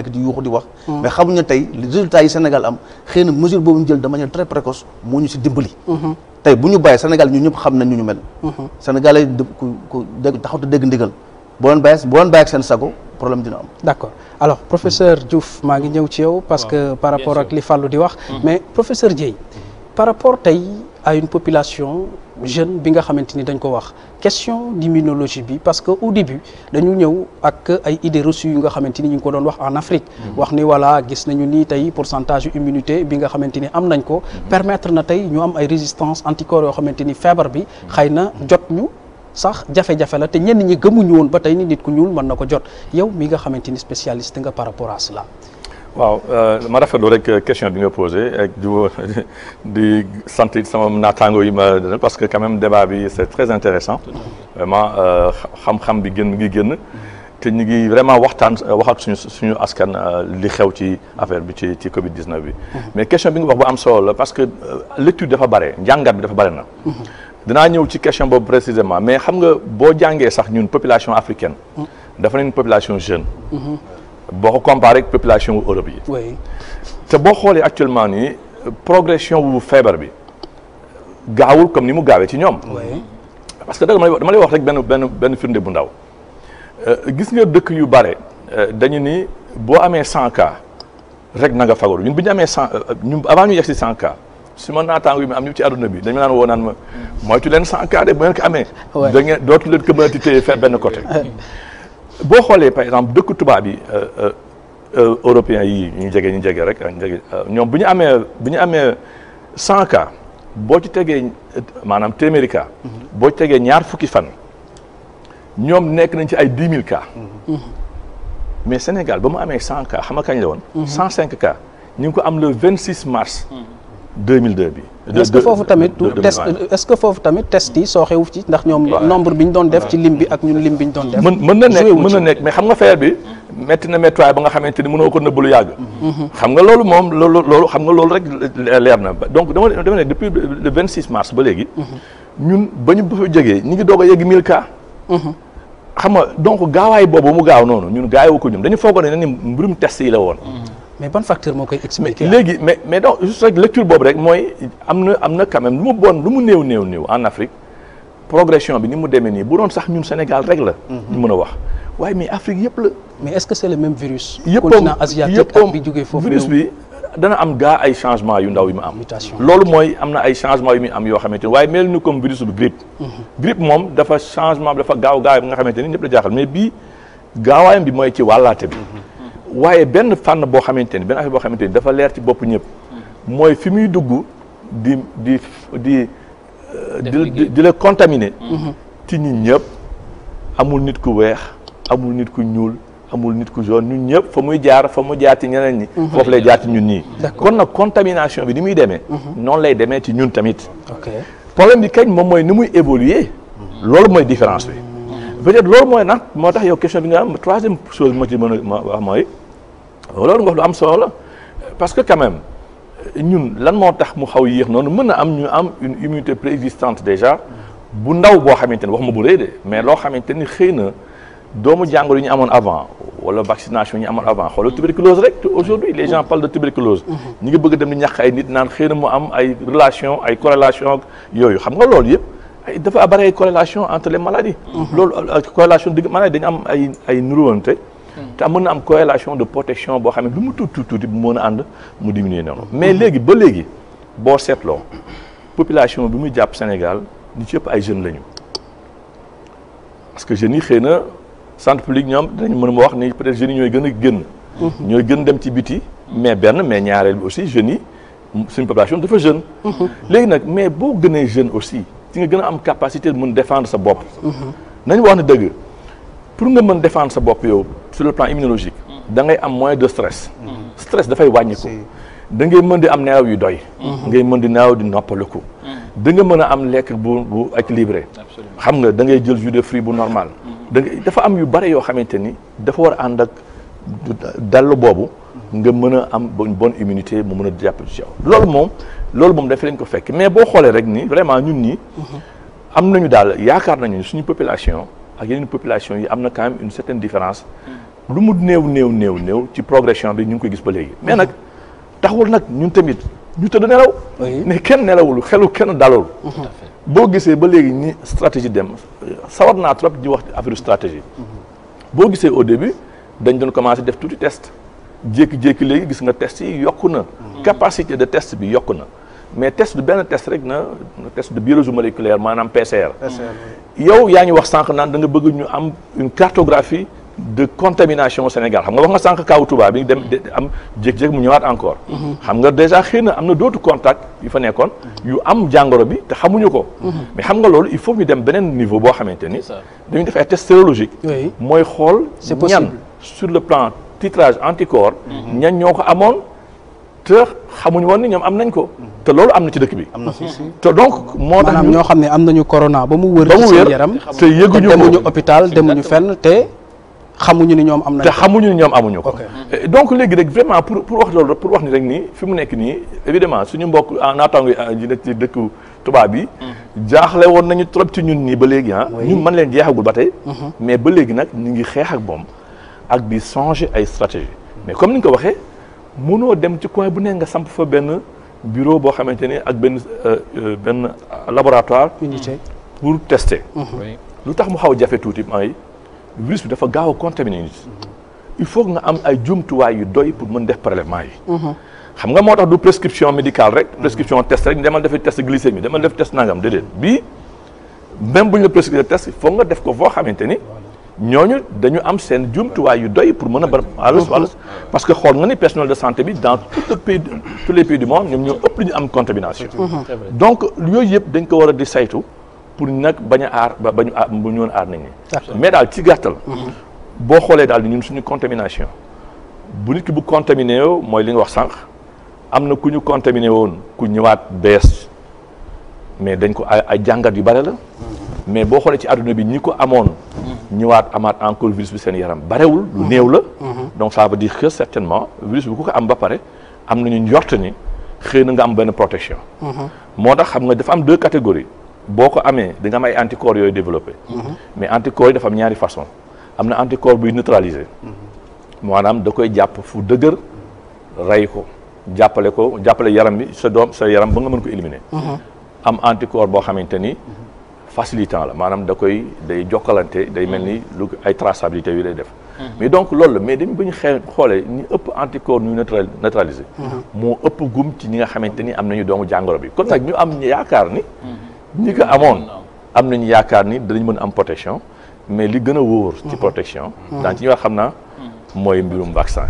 di yuuxu di wax. mais xamuñu ne tey résultats yi Sénégal am xëy mesure boobu jël de manière très précoce moo ñu si dimbali. tey bu ñu bàyyi Sénégal ñu ñëpp xam nañ ñu ñu mel. Sénégalais ku ku dégg ndigal boo leen bàyyi seen sago problème dina am. d' accord alors professeur Diouf maa ngi ñëw ci yow. parce que par rapport ak li Fallou di wax. Mm-hmm. mais professeur Dieye par rapport tey à une population jeune bi nga xamante ni dañ ko wax question d'immunologie bi parce que au début dañu ñëw ak ay idées reçues yu nga xamante ni ñu ko doon wax en Afrique. Mm-hmm. wax ni voilà gis nañu ni tey pourcentage immunité bi nga xamante ni am nañ ko. Mm-hmm. permettre na tey ñu am ay résistance anticorps yoo xamante ni feebar bi xëy na jot ñu. sax jafe-jafe la te ñenn ñi gëmuñu woon ba tey ni nit ku ñuul mën na ko jot yow mi nga xamante ni spécialiste nga par rapport à cela. waaw euh, ma rafetlu rek euh, question bi nga posé ak di di sama it sama naataango yi ma parce que quand même débat bi c'est très intéressant vraiment euh, xam-xam bi gën ngi génn te ñu ngi vraiment waxtaan wax ak suñu suñu askan li xew ci affaire bi ci ci Covid 19 bi. Mmh. mais question bi nga wax bu am solo la parce que l'étude dafa bare njàngat bi dafa bare na. Mmh. dinaa ñëw ci question boobu précisément mais xam nga boo jàngee sax ñun population africaine. dafa ne une population jeune. boo ko comparé ak population wu Europe yi. te boo xoolee actuellement nii progression wu feebar bi gaawul comme ni mu gaawee ci ñoom. parce que dama lay dama lay wax rek benn benn benn firnde bu ndaw euh, gis nga dëkk yu bare euh, dañu ni boo amee cent cas rek na nga fagaru ñun bu ñu amee cent euh, avant ñu yegg cent cas. si ma naataango yi am ñu ci àdduna bi dañu naan woo naan ma moytu leen cent cas de bu ngeen ko amee. da ngeen dootu leen ko mën a benn côté. boo xoolee par exemple dëkk tubaab yi euh, euh, euh, européens yi ñu jege ñu jege rek ñoom bu ñu amee bu ñu amee cent cas boo ci tegee maanaam téeméeri cas. Mhm. boo ci tegee ñaar fukki fan. ñoom nekk nañ ci ay dix mille cas. Mhm. Mhm. mais Sénégal ba mu amee cent cas xam nga kañ la woon. cent cinq cas ñu ngi ko am le vingt six mars. 2002 bi. est-ce que foofu tamit test est-ce que foofu tamit test yi soo xewu ci ndax ñoom. nombre bi ñu doon def ci lim bi ak ñun lim bi ñu doon def. mars ba léegi. Mhm. ñun ba ñu ba fa ñu ngi doog a yegg 1000 cas. Mhm. xam donc gaawaay boobu mu gaaw noonu ñun gaawu ko ñun dañu foogoon ne ni mbirum test yi la woon. Mhm. mais ban facteur moo koy expliquer léegi mais mais donc juste rek lecture boobu rek mooy am na am na quand même lu mu bon lu mu néew new new en Afrique progression bi ni mu demee nii bu doon sax ñun Sénégal rek la. Mhm. ñu mën a wax waaye mais Afrique yëpp la. mais est même virus. yëpp continent asiatique ak bi jógee foofu virus bi dana am gaa yu ndaw yu mu am. loolu mooy am na ay changement yu muy am yoo xamante ni waaye mel ni comme bu mhm. grippe. moom dafa changement dafa gaaw gaaw bi nga xamante ni ñëpp la jaaxal mais bii gaawaayam bi mooy ci wàllaate bi. waaye benn fànn boo xamante ni benn affaire boo xamante ni dafa leer ci bopp ñëpp mooy fi muy dugg di di di euh, di di la contaminé mm-hmm. ci ñun ñëpp amul nit ku weex amul nit ku ñuul amul nit ku jaune ñun ñëpp fa muy jaar fa mu jaar ci ñeneen ñi mm-hmm. foofu lay jaar ci ñun ñii kon nag contamination bi ni muy demee mm-hmm. noonu lay demee ci ñun tamit problème bi kañ moom mooy ni muy évoluer loolu mooy différence bi peut-être loolu mooy nag moo tax yow question bi nga am troisième chose bi ci mën a wax mooy loolu nga lu am solo la parce que quand ñun lan moo tax mu xaw yéex noonu mën na am ñu am une immunité préexistante déjà bu ndaw boo xamante ni wax ma bu rëy de mais loo xamante ni xëy na doomu jàngo yi ñu amoon avant wala vaccination ñu amoon avant xoolal tuberculose rek te aujourd'hui les gens parlent de tuberculose. ñi ngi bëgg dem di ñàkk ay nit naan xëy na mu am ay relation ay corrélation yooyu xam nga loolu yëpp ay dafa bari ay corrélation entre les maladies. Mm-hmm. loolu corrélation digg maanaam dañu am ay ay nuruwante. Hmm. te mën na am corrélation de protection boo xam ne lu mu tuuti tuuti tuuti mën a ànd mu diminuer noonu. mais léegi ba léegi boo seetloo population bi muy jàpp Sénégal ñi ci ay jeunes lañu parce que jeunes yi xëy na centre public ñoom dinañ mën ma wax ni peut-être jeunes ñooy gën a génn. Hmm. ñooy gën dem ci biti. mais benn mais ñaareel bi aussi jeunes yi suñu population dafa jeune. Hmm. léegi nag mais boo gënee jeune aussi ci nga gën a am capacité mën défendre sa bopp. nañu wax ne dëgg. pour nga mën défendre sa bopp yow sur le plan immunologique da ngay am moins de stress stress dafay wàññi ko da ngay mën di am nelaw yu doy mhm. ngay mën di nelaw di noppaliku mhm. da nga mën a am lekk bu bu équilibré xam nga da ngay jël jus de fruits bu normal mhm. da dafa am yu bare yoo xamante ni dafa war a ànd ak dallu boobu nga mën a am une bonne immunité mu mën a jàpp ci yow loolu moom loolu moom dafa leen ko fekk mais boo xoolee rek ni vraiment ñun nii am nañu daal yaakaar nañu suñu population ak yeneen population yi am na quand même une certaine différence hmm. lu mu néew néew néew néew ci progression bi ñu ngi koy gis ba léegi mais hmm. nag taxawul nag ñun tamit ñu tëdd nelaw ne kenn nelawul xelu kenn dalul boo gisee ba léegi ñi stratégie dem sawar naa trop di wax affaire stratégie hmm. boo gisee au début dañ doon commencé def tuuti test jékki-jékki léegi gis nga test yi yokku na capacité de test bi yokku na mais test du benn test rek na test de biologie moléculaire maanaam PCR. yow yaa ngi wax sànq naan da nga bëgg ñu am une cartographie de contamination Sénégal xam nga wax nga sànq kaw Touba bi dem am jékki-jékki mu ñëwaat encore. Mhm. xam nga déjà xëy na am na dootu contact yu fa nekkoon. yu am jàngoro bi te xamuñu ko. Mhm. mais xam nga loolu il faut ñu dem beneen niveau boo xamante ni. dañuy def ay test sérologique. mooy xool. c'est possible ñan sur le plan titrage anticorps. Mhm. ñan ñoo ko amoon. te xamuñu woon ni ñoom am nañ ko. te loolu am na ci dëkk bi. am na te donc moo tax ñoo xam ne am nañu corona ba mu wër. ba mu wër yaram te yëguñu ko demuñu hôpital demuñu fenn te. xamuñu ni ñoom am nañ te xamuñu ni ñoom amuñu ko. donc léegi rek vraiment pour pour wax loolu pour wax ni rek nii fi mu nekk nii évidemment suñu mbokk ah, naataango yi ah, nekk ci dëkku tubaab yi. Mm-hmm. jaaxle woon nañu trop ci ñun nii ba léegi ah. ñun mën leen jeexagul ba tey. Mm-hmm. mais ba léegi nag ñu ngi xeex ak moom ak di changer ay stratégie mais comme ni nga ko waxee mënoo dem ci coin bu ne nga samp fa benn bureau boo xamante ni ak benn euh, euh, benn laboratoire. unité mhm. pour teste mhm. lu tax mu xaw a jafe tuuti maa yi virus bi dafa gaaw a contaminé nit. Mhm. il faut nga am ay jumtuwaay yu doy pour mën def prélèvement yi. xam nga moo tax du prescription médical rek. prescription test rek demal defi test mi dama def test nangam déedéet bii même bu ñu la prescrire test foog nga def ko foo xamante ni. ñooñu dañu am seen jumtuwaay yu doy pour mën a bar alus alus parce que xool nga ni personnel de santé bi dans tout le pays du monde ñoom ñoo ëpp li ñu am contamination mm-hmm. donc yooyu yëpp dañ ko war a di saytu pour nag bañ a aar ba bañu aar bu ñoon aar nit ñi mais daal ci gàttal mm-hmm. boo xoolee daal di ñun suñu contamination bu nit ki bu contaminé mooy li nga wax sànq am na ku ñu contaminé woon ku ñëwaat bees mais dañ ko ay jàngat yu bare la mm-hmm. mais boo xoolee ci àdduna bi ñi ko amoon ñëwaat amaat encore virus bi seen yaram barewul lu mhm. néew la mhm. donc ça veut dire que certainement virus bi ku ko am ba pare am nañu njort ni xëy na nga am benn protection mhm. moo tax xam nga dafa am deux catégories boo ko amee di nga am ay anticorps yooyu développé mais da koy jàpp fu dëgër rey ko jàppale ko jàppale yaram bi sa yaram ba nga mën ko éliminer am anticorps boo xamante facilitant la maanaam da koy day jokkalante day mel ni lu ay traçabilité yu day def. Mm-hmm. mais donc loolu la mais dañu bu ñu xee xoolee ñi ëpp anticorps ñu neutralisé. Mm-hmm. moo ëpp gum ci ñi nga xamante ni am na ñu doomu jàngoro bi kon nag mm-hmm. ñu am yaakaar ni. ñi ko amoon am nañu yaakaar ni danañ mën am protection mais li gën a wóor. ci protection. daan ci ñoo xam naa mooy mbirum vaccin.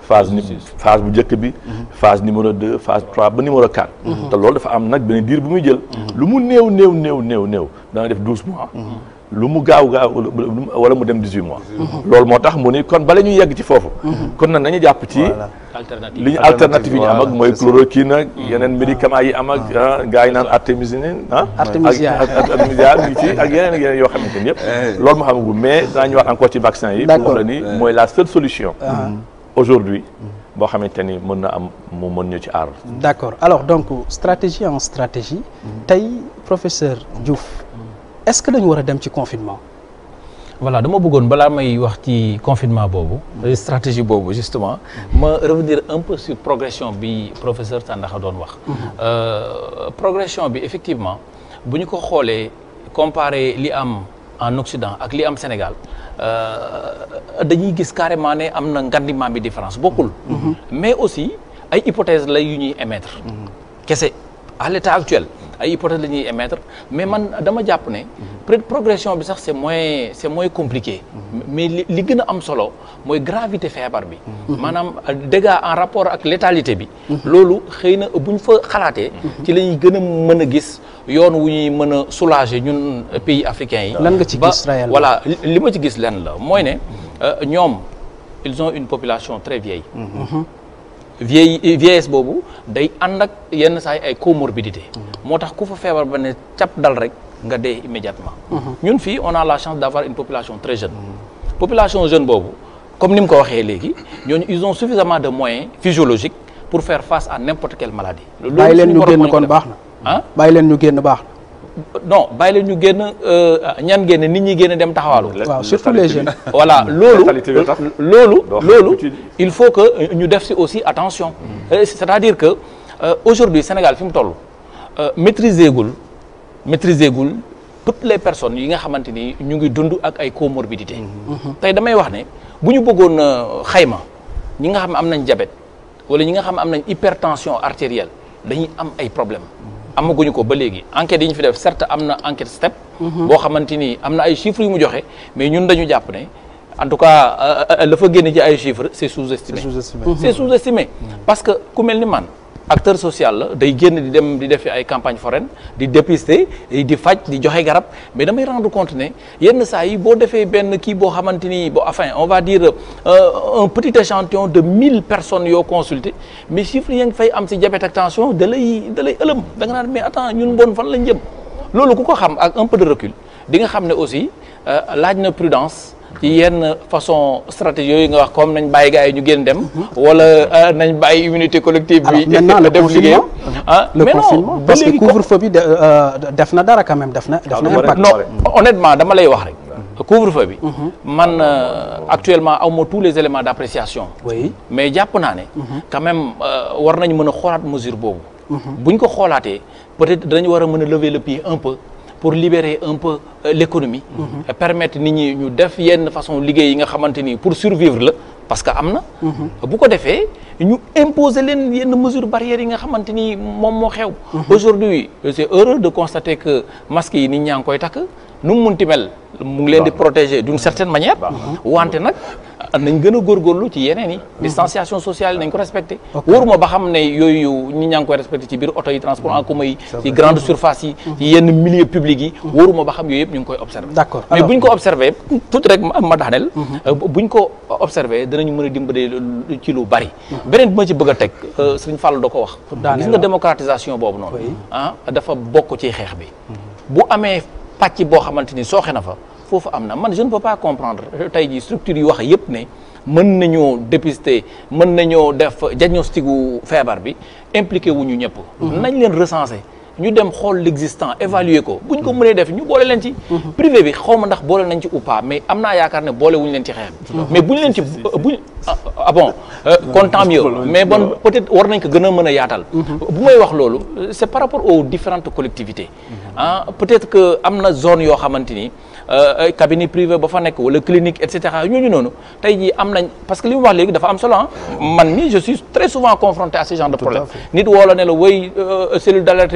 phase phase bu njëkk bi phase numéro deux phase trois ba numéro quatre te loolu dafa am nag benn diir bu muy jël lu mu néew néew néew néew néew dana def douze mois lu mu gaaw gaaw wala mu dem 18 mois loolu moo tax mu ni kon bala ñuy yegg ci foofu kon nag nañu jàpp ci li ñu alternative yi ñu am ak mooy chloroquine ak yeneen médicaments yi am ak ah. Ah, gars yi naan artémisinine ah artémisia ngi ci ak yeneen ak yeneen yoo xamante ni yëpp eh. loolu moo xam mais daañu wax encore ci vaccin yi pour la ni eh. mooy la seule solution ah. aujourd'hui boo xamante ni mën na am mu mën ñu ci aar. d'accord alors donc stratégie en stratégie. tey professeur Diouf est-ce que dañu war a dem ci confinement. voilà dama bëggoon balaa may wax ci confinement boobu. Euh, stratégie boobu justement. ma revenir un peu sur progression bi professeur Tandakha doon wax. Mhm. Euh, progression bi effectivement bu ñu ko xoolee comparé li am. en Occident ak li am Sénégal euh, dañuy gis carrément ne am na ngandiment bi différence bokkul. Mhm. mais aussi ay hypothèses lay yu ñuy émettre. Mhm. kese à l'état actuel. ay hypothèses la ñuy émettre mais man dama jàpp ne peut-être progression bi sax c'est moins c'est moins compliqué mm-hmm. mais li li gën a am solo mooy gravité feebar bi mm-hmm. maanaam euh, dégâts en rapport ak létalité bi mm-hmm. loolu xëy na bu ñu fa xalaatee ci la ñuy gën a mën a gis yoon wu ñuy mën a soulager ñun euh, pays africains yi lan nga ci gis voilà li ma ci gis lan la mooy ne euh, ñoom ils ont une population très vieille vieille vieillesse boobu day ànd ak yenn saa yi ay comorbidité mm-hmm. moo tax ku fa feebar ba ne cap dal rek nga dee immédiatement mm-hmm. ñun fii on a la chance d'avoir une population très jeune mm-hmm. population jeune boobu comme ni mu ko waxee léegi ñooñu ils ont suffisamment de moyens physiologiques pour faire face à n'importe quelle maladie bàyyi leen ñu génn baax na ah bàyyi leen ñu génn baax non bàyyi la ñu génn euh, ñan génn nit ñi génn dem taxawaalu. waaw les jeunes. voilà loolu loolu loolu il faut que ñu def si aussi attention. Mm. Euh, c'est-à-dire que euh, aujourd'hui Sénégal fi mu toll maîtriser gul maîtriser gul toutes les personnes yi nga xamante ni ñu ngi dund ak ay comorbidité mm-hmm. Mm-hmm. tey damay wax ne bu ñu bëggoon xayma ñi nga xam am nañ diabète wala ñi nga xam am nañ hypertension artérielle dañuy am ay problèmes. amaguñu ko ba léegi enquêtes yi ñu fi def certes am na enquête step. Mhm. boo xamante ni am na ay chiffres yu mu joxe mais ñun dañu jàpp ne en tout cas euh, euh, euh, la fa génn ci ay chiffres c' sous-estimé. c' est sous-estimé. c' est sous mhm. parce que ku mel ni man. acteur social la day génn di dem di def ay campagne foraine di dépister di faj di joxe garab mais damay rendre compte ne yenn saa boo defee benn kii boo xamante ni bo enfin on va dire euh, un petit échantillon de mille personnes yoo consulté mais chiffre ya fay am si diabète ak tension da lay da lay ëlëm da nga naan mais attends ñun bon fan lañ jëm loolu ku ko xam ak un peu de recul di nga xam ne aussi euh, laaj na prudence ci yenn façon stratégie yooyu nga wax comme nañ bàyyi gars yi ñu génn dem. wala euh, nañ bàyyi immunité collective bi. maintenant le confinement ah euh, na dara quand même def na. def na ah, impact non honnêtement dama lay wax rek. couvre-feu bi. Mhm. man euh, actuellement awma tous les éléments d'appréciation. oui mais jàpp naa ne. Mhm. quand même war nañ mën a xoolaat mesure boobu. Mhm. buñ ko xoolaatee peut war a mën a lever la pied un peu. pour libérer un peu euh, l'économie mhm. permettre nit ñi ñu def yenn façon liggéey yi nga xamante ni pour survivre la parce que am na mhm. bu ko defee ñu imposer leen yenn mesures barrières yi nga xamante ni moom moo xew mhm. aujourd'hui c'est heureux de constater que masques yi nit ñaa ngi koy takk nu mu munti mu ngi leen di protéger d'une certaine manière wante nag nañ gën a góorgóorlu ci yeneen yi mhm. distanciation sociale nañ ko respecté wóoruma ba xam ne yooyu ñi ñaa ngi koy respecté ci biir oto yi transport en commun yi ci grande surface yi mhm. ci yenn milieu public yi mhm. wóoruma ba xam yooyu yëpp ñu ngi koy observé d'accord ko observé tout rek ma daaneel euh, buñ ko observé dinañu mën a dimbale ci lu bari beneen bi ma ci bëgg a teg euh, sëriñ Fall da ko wax gis nga démocratisation boobu noonu ah dafa bokk ci xeex bi bu amee pàcc boo xamante ni sooxe na fa foofu am na man je ne peux pas comprendre euh, tey jii structure yi wax yépp ne mën nañoo dépister mën nañoo def diagnostic wu feebar bi impliqué wu ñu ñëpp. Mhm. nañ leen recenser. ñu dem xool l'existant évaluer ko buñ ko mënee def ñu boole leen ci. Mhm. privé bi xaw ma ndax boole nañ ci ou pas mais am naa yaakaar ne boole wuñ leen ci xeex bi. mais buñ leen ci euh, buñ ah, ah, ah bon. kon tant mieux mais bon peut-être war nañ ko gën a mën yaatal. Mhm. bu may wax loolu c'est par rapport aux différentes collectivités. ah peut yoo xamante ni. Euh, ay cabinet privé ba fa nekk wala clinique et cetera ñu noonu tey jii am nañ parce que li mu wax léegi dafa am solo ah. man mi je suis très souvent confronté a ce genre de problème nit woo la ne la woy euh,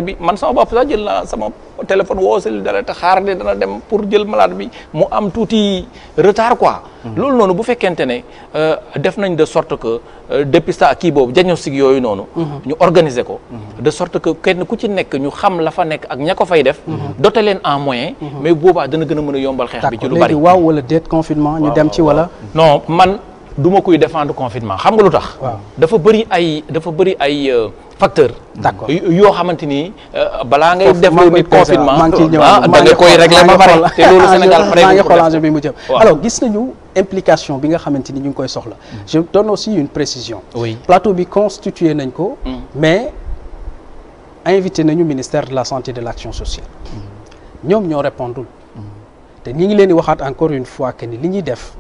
bi man sama bopp sax jël na sama téléphone woo cellule d'alerte xaar ne dana dem pour jël malaat bi mu am tuuti retard quoi loolu noonu bu fekkente ne euh, def nañ de sorte que euh, dépistage kii boobu diagnostic yooyu noonu. Mhm. ñu organiser ko. Mhm. de sorte que kenn ku ci nekk ñu xam la fa nekk ak ña ko fay def. Mhm. dote leen en moyen. mais boobaa dana gën a a yombal xeex bi ci lu bari. waaw wala déet confinement ñu dem ci wala. non man. duma koy kuy confinement xam nga lu tax. dafa bëri ay dafa bëri ay euh, facteur d'accord yoo xamante ni euh, balaa ngay def lu nit confinement ah, da nga koy régler ba pare te loolu Sénégal pare maa ngi xool enjeu bi mu gis nañu implication bi nga xamante ni ñu ngi koy soxla mm. je donne aussi une précision oui. plateau bi constitué nañ ko mm. mais invité nañu ministère de la santé et de l'action sociale mm. ñoom ñoo répondul te ñi ngi leen di waxaat encore une fois que ni li ñuy def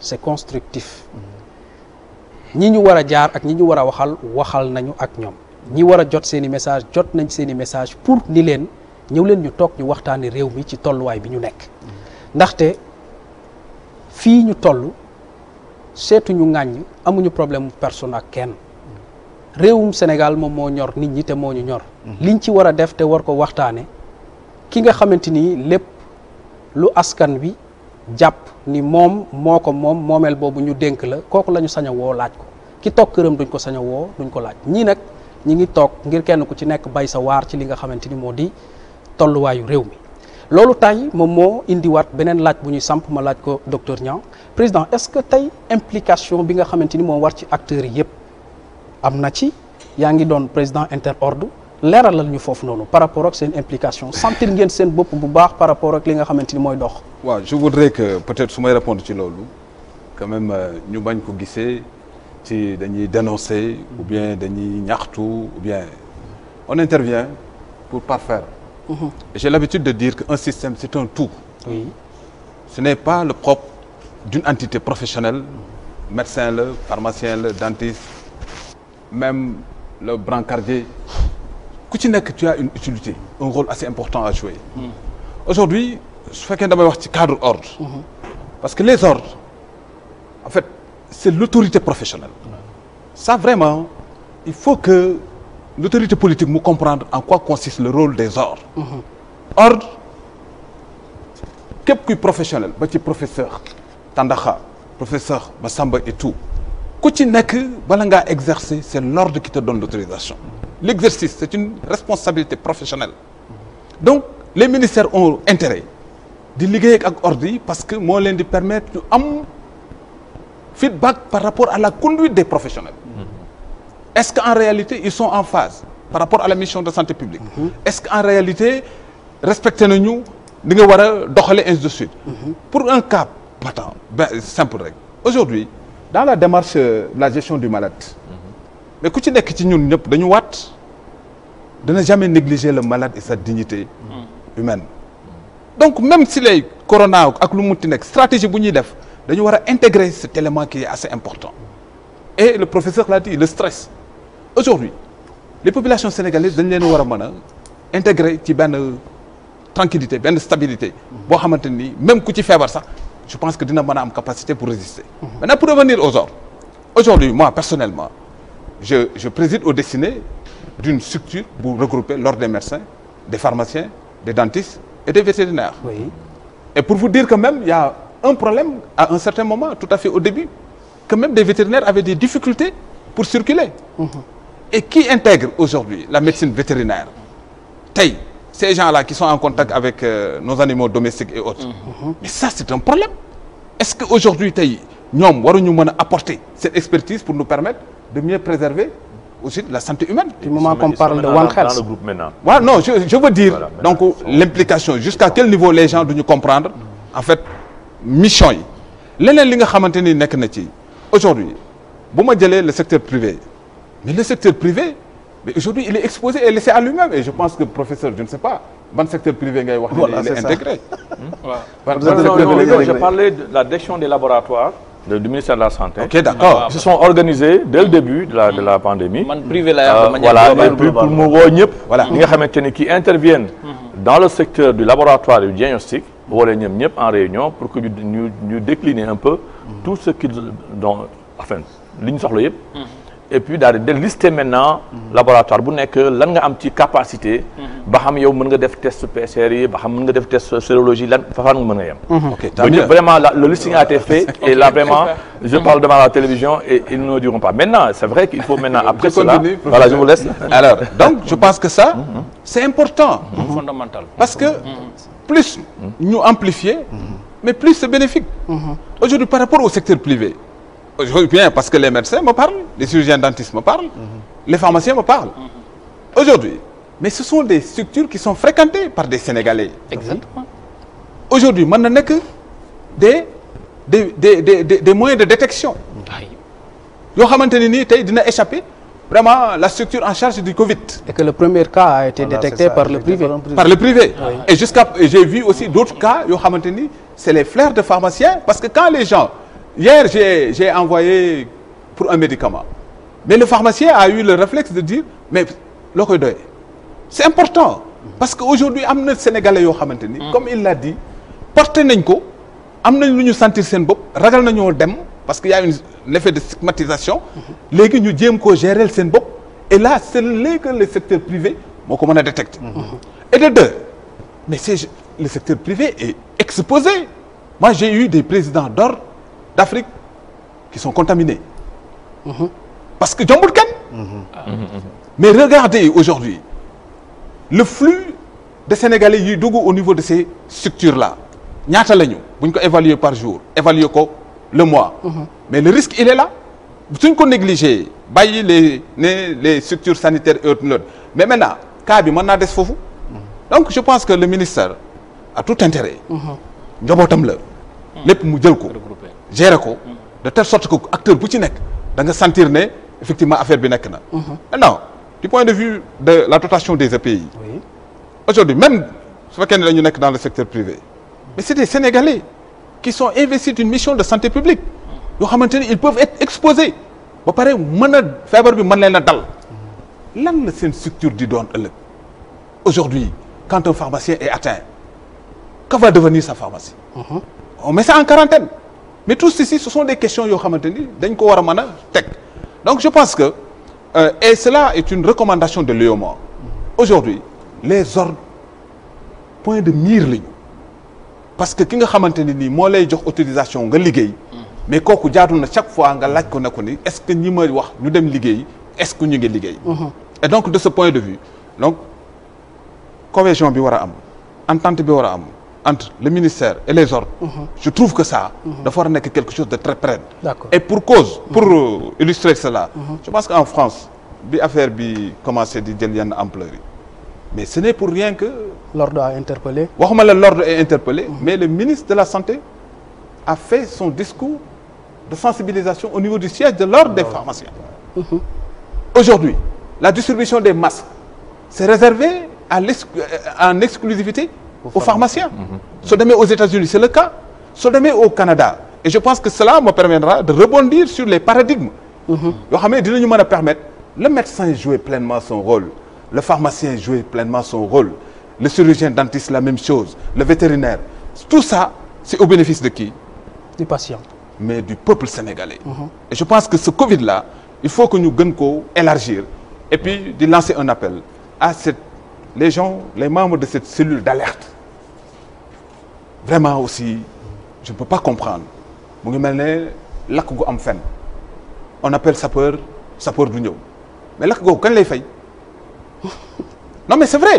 c'est constructif ñi ñu war a jaar ak ñi ñu war a waxal waxal nañu ak ñoom ñi war a jot seeni message jot nañ seeni message pour ni leen ñëw leen ñu toog ñu waxtaane réew mi ci tolluwaay bi ñu nekk ndaxte fii ñu toll seetuñu ŋàññ amuñu problème personne ak kenn réewum Sénégal moom moo ñor nit ñi te moo ñu ñor liñ ci war a def te war ko waxtaane ki nga xamante ni lépp lu askan wi jàpp ni moom moo ko moom moomeel boobu ñu dénk la kooku la ñu sañ woo laaj ko ki toog këram duñ ko sañ woo duñ ko laaj ñii nag ñi ngi toog ngir kenn ku ci nekk bay sa waar ci li nga xamante ni moo di tolluwaayu réew mi. loolu tey moom moo indiwaat beneen laaj bu ñuy samp ma laaj ko docteur Niang président est-ce que tey implication bi nga xamante ni moo wat ci acteurs yi yëpp am na ci yaa ngi doon président interordre leeralal ñu foofu noonu par rapport ak seen implication sentir ngeen seen bopp bu baax par rapport ak li nga xamante ni mooy dox. waaw je voudrais que peut-être su may répondre ci loolu quand même euh, ñu bañ ko gisee ci dañuy dénoncer ou bien dañuy ñaxtu ou bien on intervient pour parfaire mm-hmm. j'ai l'habitude de dire qu'un système c'est un tout oui. ce n'est pas le propre d'une entité professionnelle médecin la pharmacien la dentiste même le brancardier ku ci nekk tu as une utilité un rôle assez important à jouer mm. aujourd'hui su fekkee damay wax ci cadre ordre. parce que les ordres en fait c'est l'autorité professionnelle. ça vraiment il faut que l'autorité politique mu comprendre en quoi consiste le rôle des ordres. ordre képp kuy professionnel ba ci professeur Tandakha professeur Massamba et tout ku ci nekk bala ngaa exercer c'est l'ordre qui te donne l'autorisation. l'exercice c'est une responsabilité professionnelle donc les ministères ont intérêt. di liggéey ak ordre yi parce que moo leen di permettre ñu am feedback par rapport à la conduite des professionnels. Mm-hmm. est-ce que en réalité ils sont en phase par rapport à la mission de santé publique. Mm-hmm. est-ce qu'en réalité respecté nañu li nga war a doxalee ainsi mm-hmm. pour un cas patent ben simple rek. aujourd'hui dans la démarche euh, la gestion du malade. mais ku ci nekk ci ñun ñëpp dañu wat dana jamais négliger le malade et sa dignité mm. humaine. donc même si lay corona ak lu munti nekk stratégie bu ñuy def dañu war a intégrer cet élément qui est assez important et le professeur l'a dit le stress aujourd'hui les populations sénégalaises dañ leen war a mën a intégrer ci benn tranquillité benn stabilité boo xamante ni même ku ci feebar sax je pense que dina mën a am capacité pour résister maintenant pour revenir aux ordres aujourd'hui moi personnellement je je préside au destiné d'une structure bu regrouper l'ordre des médecins des pharmaciens des dentistes était vétérinaire. Oui. Et pour vous dire que même, il y a un problème à un certain moment, tout à fait au début, que même des vétérinaires avaient des difficultés pour circuler. Mmh. Et qui intègre aujourd'hui la médecine vétérinaire Taille, ces gens-là qui sont en contact avec euh, nos animaux domestiques et autres. Mmh. Mais ça, c'est un problème. Est-ce qu'aujourd'hui, Taille, nous devons apporter cette expertise pour nous permettre de mieux préserver aussi la santé humaine. du moment qu'on parle de One Health. dans le groupe maintenant. non je veux dire. donc l'implication jusqu'à quel niveau les gens duñu comprendre en fait mission yi. leneen li nga xamante ni nekk na ci aujourd'hui bu ma jëlee le secteur privé mais le secteur privé mais aujourd'hui il est exposé et laissé à lui-même et je pense que professeur je ne sais pas ban secteur privé ngay wax. Hmm. de la direction des laboratoires. du ministère de la santé. ok d'accord ils se sont organisés dès le début de la de la pandémie. man privé la euh, voilà pour mu woo ñëpp. voilà ñi nga xamante ni qui interviennent. Mm-hmm. dans le secteur du laboratoire du diagnostic. wala ñoom ñëpp en réunion pour que ñu ñu décliner un peu. Mm-hmm. tout ce qui dont enfin li ñu soxla yëpp. Mm-hmm. et puis daal di del lister maintenant mhm. laboratoire bu nekk lan nga am ci capacité mhm. ba xam yow mën nga def test PCR yi ba xam nga def lan fafaan nga mën a yem mhm. ok vraiment la, le listing a été fait et là vraiment je parle devant la télévision et ils ne diront pas maintenant c'est vrai qu'il faut maintenant après cela donc je pense que ça c'est important fondamental parce que plus ñu amplifier mais plus c'est bénéfique aujourd'hui par rapport au secteur privé je viens parce que les médecins me parlent les chirurgiens dentistes me parlent les pharmaciens me parlent aujourd'hui mais ce sont des structures qui sont fréquentées par des Sénégalais exactement aujourd'hui mën na nekk des des des des des moyens de détection yoo xamante ni nii tey dina échapper vraiment la structure en charge du Covid. et que le premier cas a été détecté par, le privé. et jusqu'à j'ai vu aussi d'autres cas yoo xamante ni c'est les flaires de pharmaciens parce que quand les gens Hier, j'ai envoyé pour un médicament. Mais le pharmacien a eu le réflexe de dire, mais loo koy doyee c'est important. parce que aujourd'hui am na sénégalais yoo xamante ni. Mm. comme il l'a dit porté nañ ko am nañ lu ñu sentir seen bopp ragal nañoo dem parce que y a une l'effet de stigmatisation. Mm-hmm. léegi ñu jéem ko gérer seen bopp et la c'est léegi le secteur privé moo ko mën a détecter. Mm-hmm. et de deux mais le secteur privé et exposé moi j'ai eu des présidents dor afrique qui sont contaminés. Mm-hmm. parce que jombul kenn. Mm-hmm. mais regardez aujourd'hui le flux de Sénégalais yuy dugg au niveau de ces structures là ñaata lañu bu ñu ko évaluer par jour évaluer ko le mois. Mmh. mais le risque il est là suñ ko négliger bàyyi les ne les structures sanitaires et autres mais maintenant cas bi naa des foofu. Mm-hmm. donc je pense que le ministère a tout intérêt. njabootam la. Mm. lépp mu jël ko. gérer ko de telle sorte que acteur bu ci nekk da sentir ne effectivement affaire bi nekk na. maintenant du point de vue de la dotation des EPI. Oui. aujourd'hui même su fekkee ne dañu nekk dans le secteur privé. mais c'est des Sénégalais qui sont investis d'une mission de santé publique. yoo xamante ne ils peuvent être exposés ba pare mën a feebar bi mën leen a dal. lan la seen structure di doon ëllëg. aujourd'hui quand un pharmacien est atteint que va devenir sa pharmacie. Mmh. mais tout ceci ce sont des questions yoo xamante ni dañ ko war a mën a teg donc je pense que euh, et cela est une recommandation de l'UEMOA aujourd'hui les ordres point de mire lañu parce que ki nga xamante ni nii moo lay jox autorisation nga liggéey mais kooku jaadu na chaque fois nga laaj ko na ko ni est-ce que ñi ma wax ñu dem liggéey est-ce que ñu ngi liggéey uh-huh. et donc de ce point de vue donc cohésion bi war a am entente bi war a am entre le ministère et les ordres. Mmh. Je trouve que ça mhm. dafa war a nekk quelque chose de très près. Et pour cause, pour mmh. illustrer cela, mmh. je pense qu'en France bi affaire bi commencé di jël yenn ampleur yi mais ce n'est pour rien que l'ordre a interpellé. waxuma la l'ordre est interpellé mhm. mais le ministre de la santé a fait son discours de sensibilisation au niveau du siège de l'ordre des pharmaciens. Mhm. Aujourd'hui, la distribution des masques c'est réservé à l'ex... Euh, en exclusivité aux pharmaciens. soo demee aux États-Unis c'est le cas soo demee au Canada et je pense que cela me permettra de rebondir sur les paradigmes. yoo xam ne dinañu a permettre le médecin jouer pleinement son rôle le pharmacien jouer pleinement son rôle le chirurgien dentiste la même chose le vétérinaire tout ça c'est au bénéfice de qui. du mais du peuple sénégalais. et je pense que ce Covid là il faut que ñu gën koo élargir et puis di lancer un appel à cet les gens, les membres de cette cellule d'alerte, vraiment aussi, je ne peux pas comprendre. mu ngi mel ne lakk gu am fen on appelle sapeur sapeur du ñëw mais lakk googu kañ lay fay non mais c'est vrai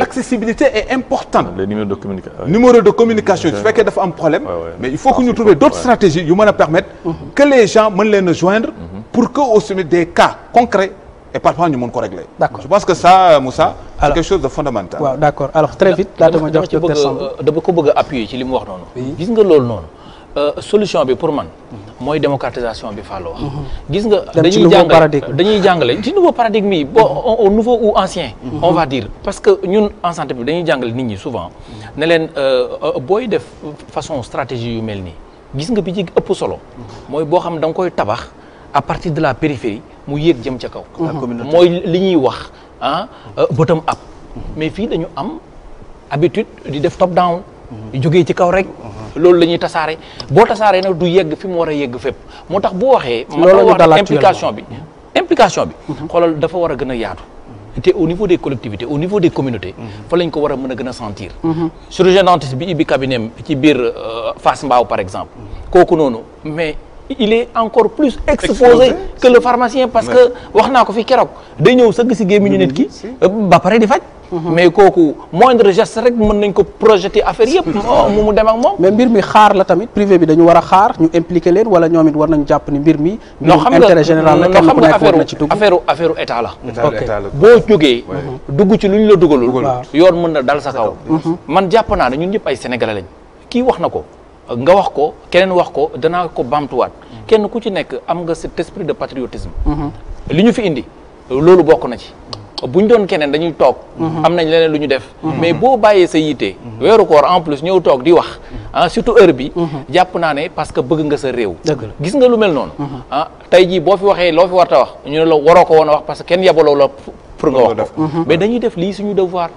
l'accessibilité est importante les numéros de communication numéro de communication su fekkee dafa am problème mais il faut que ñu trouver d'autres stratégies yu mën a permettre mmh. que les gens mën leen a joindre mmh. pour que au sommet des cas concrets et parfois ñu mën ko régler. d'accord je pense que ça euh, Moussa. alors quelque chose de fondamental. waaw ci euh, dama ko bëgg a appuyer ci li wax noonu. gis nga loolu noonu. Euh, solution bi pour man mooy démocratisation bi Fallou wax mhm. gis nga dañuy jàngale dañuy jàngale ci nouveau paradigme yi bon mhm. au nouveau ou ancien mhm. on va dire parce que ñun en santé bi dañuy jàngale nit ñi souvent ne leen booy def façon stratégie yu mel nii gis nga bi ci ëpp solo mooy boo xam da nga koy tabax à partir de la périphérie mu yéeg jëm ca kaw. Mhm. mooy li ñuy wax ah bottom up. Mhm. mais fii dañu am habitude di def top down. Mhm. jógee ci kaw rek. loolu la ñuy tasaare boo tasaaree nag du yegg fi mu war a yegg fépp moo tax bu waxee. loolu wax ne implication bi implication bi. xoolal dafa war a gën a yaatu. te au niveau de collectivités au niveau des communautés. fa lañ ko war a mën a gën a sentir. chirurgien dentiste bi ibbi cabinet ci biir euh, Fass Mbao par exemple. kooku noonu mais. il est encore plus exposé que le pharmacien parce que wax naa ko fi keroog day ñëw sëgg si gémmiñu nit ki euh, ba pare di faj mhm. mais kooku moindre geste rek mën nañ ko projeté affaire yëpp mu mu dem ak moom mais mbir mi xaar la tamit privé bi dañu war a xaar ñu impliqué leen wala ñoom it war nañu jàpp ni mbir mi non xam nga intérêt général la kenn ku nekk war na ci dugg affaire affaire état la boo jógee mhm. dugg ci lu ñu la yoon mën na dal sa kaw mhm. man jàpp naa ne ñun ñëpp ay sénégalais lañ kii wax na ko nga wax ko keneen wax ko danaa ko baamtuwaat. kenn ku ci nekk am nga cet esprit de patriotisme. Mhm. li ñu fi indi loolu bokk na ci. bu ñu doon keneen dañuy toog. Mhm. am nañ leneen lu ñu def. Mhm. mais boo bàyyee sa yiite. weeru koor en plus ñëw toog di wax. ah surtout heure bi. jàpp naa ne parce que bëgg nga sa réew. gis nga lu mel noonu. ah tey jii boo fi waxee loo fi warta wax ñu ne la waroo ko a wax parce que kenn yabaloo la pour nga wax ko. mais dañuy def lii suñu devoir.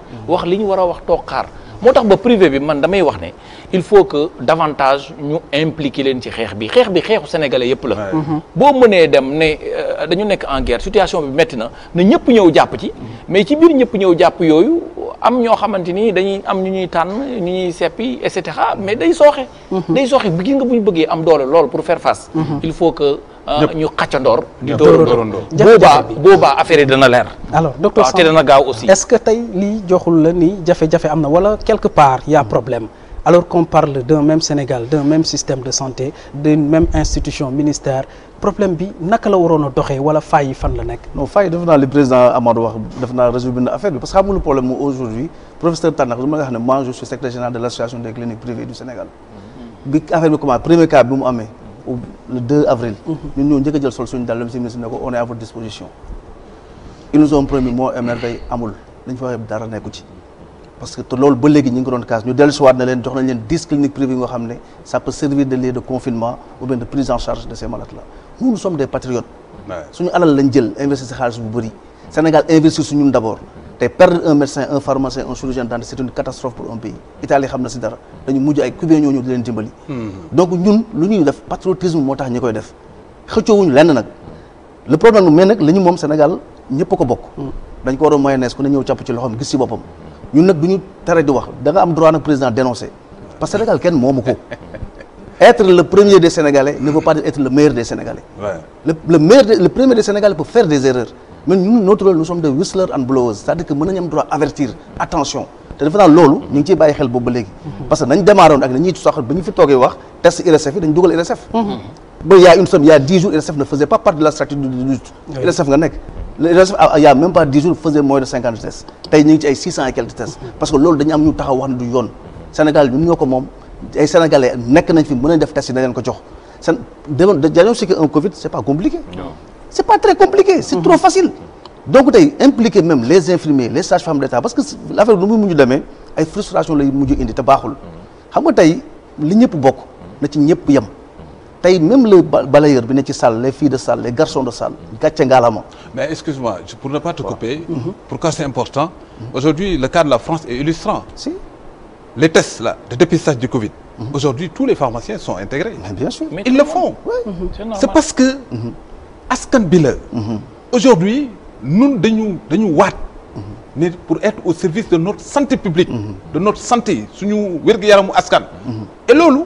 li ñu war a wax toog xaar moo tax ba privé bi ne. il faut que davantage ñu impliquer leen ci xeex bi xeex bi xeexu sénégalais yëpp la. Mhm. boo mënee dem ne euh, dañu nekk en guerre situation bi métti na na ñëpp ñëw jàpp ci. Mhm. mais ci biir ñëpp ñëw jàpp yooyu am ñoo xamante ni dañuy tànn ñu ñuy seppi et mais day sooxe. Mhm. day sooxe bi gis nga bu ñu bëggee am doole lool pour faire face. il faut que. Euh, ñu xàccandoor di dóorandoor boobaa boobaa affaire yi dana leer alors docteur Samb est-ce que tey lii joxul la ni jafe-jafe am na wala quelque part a alors qu'on parle d'un même Sénégal d'un même système de santé d'une même institution ministère problème bi naka la waroon a doxee wala faay yi fan la nekk. non faay def naa li président Amadou wax def naa résumé na affaire bi parce que xam nga le problème mu aujourd'hui professeur Tanakh lu ma nga xam ne de l'association des cliniques privées du Sénégal. bi affaire bi commencé premier cas bi mu amee. le avril. Mhm. ñun ñoo njëkk jël sol suñu dal si ministre ne ko on est à votre disposition. dañ fa waxee dara nekku ci. parce que loolu ba léegi ñu ngi ko doon kaas ñu dellusiwaat na leen jox nañ leen dix cliniques privées yoo xam ne ça peut servir de lieu de confinement ou bien prise en charge de ces malades là nous nous sommes suñu alal lañ jël investir si xaalis bu bëri. Sénégal investir suñu d'abord te perdre un médecin un pharmacien un chirurgien dentiste c'est une catastrophe pour un pays Italie xam na si dara dañu mujj ay cubains ñoo ñëw di leen dimbali. Hmm. donc ñun lu ñuy def patriotisme ñun nag bu ñu tere di wax da nga am droit nag président dénoncer parce que Sénégal kenn moomu ko être le premier des Sénégalais ne veut pas être le meilleur des Sénégalais. Ouais. le le meilleur des, le premier des Sénégalais peut faire am droit avertir attention te defe naa loolu ñu ngi ciy bàyyi xel boobu léegi. parce que nañ démarroon ak nañuy sax ba ñu fi toogee wax test IRSF yi dañ dugal IRSF. Mm-hmm. ba y' a une semaine y' a dix jours IRSF ne faisait pas partie les responsables ah, ah, il y a même pas dix jours faisait moins de cinquante tests tey ñu ci ay six cent et quelques parce que loolu dañu am ñu taxaw wax ne du yoon Sénégal ñun ñoo ko moom ay sénégalais nekk nañ fi mën nañ def test yi ko jox seen diagnostiquer un Covid c' est pas compliqué. pas compliqué. c' trop facile. donc tey impliquer même les infirmiers les sages-femmes d' parce que l'affaire lu muy mujj demee ay frustration lay mujj indi te baaxul. Mm-hmm. xam nga tey li ñëpp bokk na ci ñëpp yem. tey même le balayeur bi ne ci salle les filles de salle les garçons de salle gàcce ngaalama mais excuse-moi pour ne pas te couper mm-hmm. pourquoi c'est important aujourd'hui le cas de la France est illustrant si les tests là de dépistage du Covid mm-hmm. aujourd'hui tous les pharmaciens sont intégrés mais bien sûr mais ils mm-hmm. c'est parce que askan bi la aujourd'hui ñun dañu dañu waat ne pour être au service de notre santé publique de notre santé suñu wér-gu-yaramu askan et loolu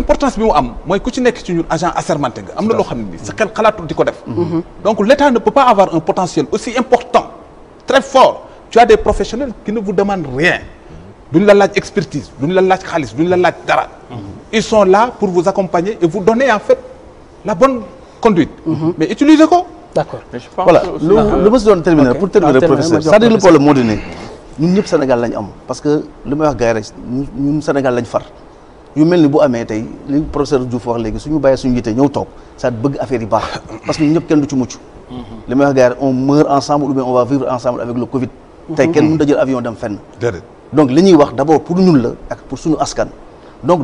importance bi mu am mooy ku ci nekk ci ñun agent assermenté nga am na loo xam ne ni sa xel xalaatul di ko def mhm. donc l'État ne peut pas avoir un potentiel aussi important très fort tu as des professionnels qui ne vous demandent rien duñ la laaj expertise duñ la laaj xaalis duñ la laaj dara mhm. ils sont là pour vous accompagner et vous donner en fait la bonne conduite mhm. mais utilisez ko d'accord voilà lu ma si doon terminer pour terminer professeur cest moo di ne ñun ñëpp Sénégal lañ am parce que li may wax gars yi rek Sénégal lañ far yu mel ni bu amee tey li professeur Diouf wax léegi suñu bàyyee suñu yite ñëw toog ça bëgg affaire yi baax parce que ñëpp kenn du ci mucc mhm. li may wax gars d' abord pour ñun la ak pour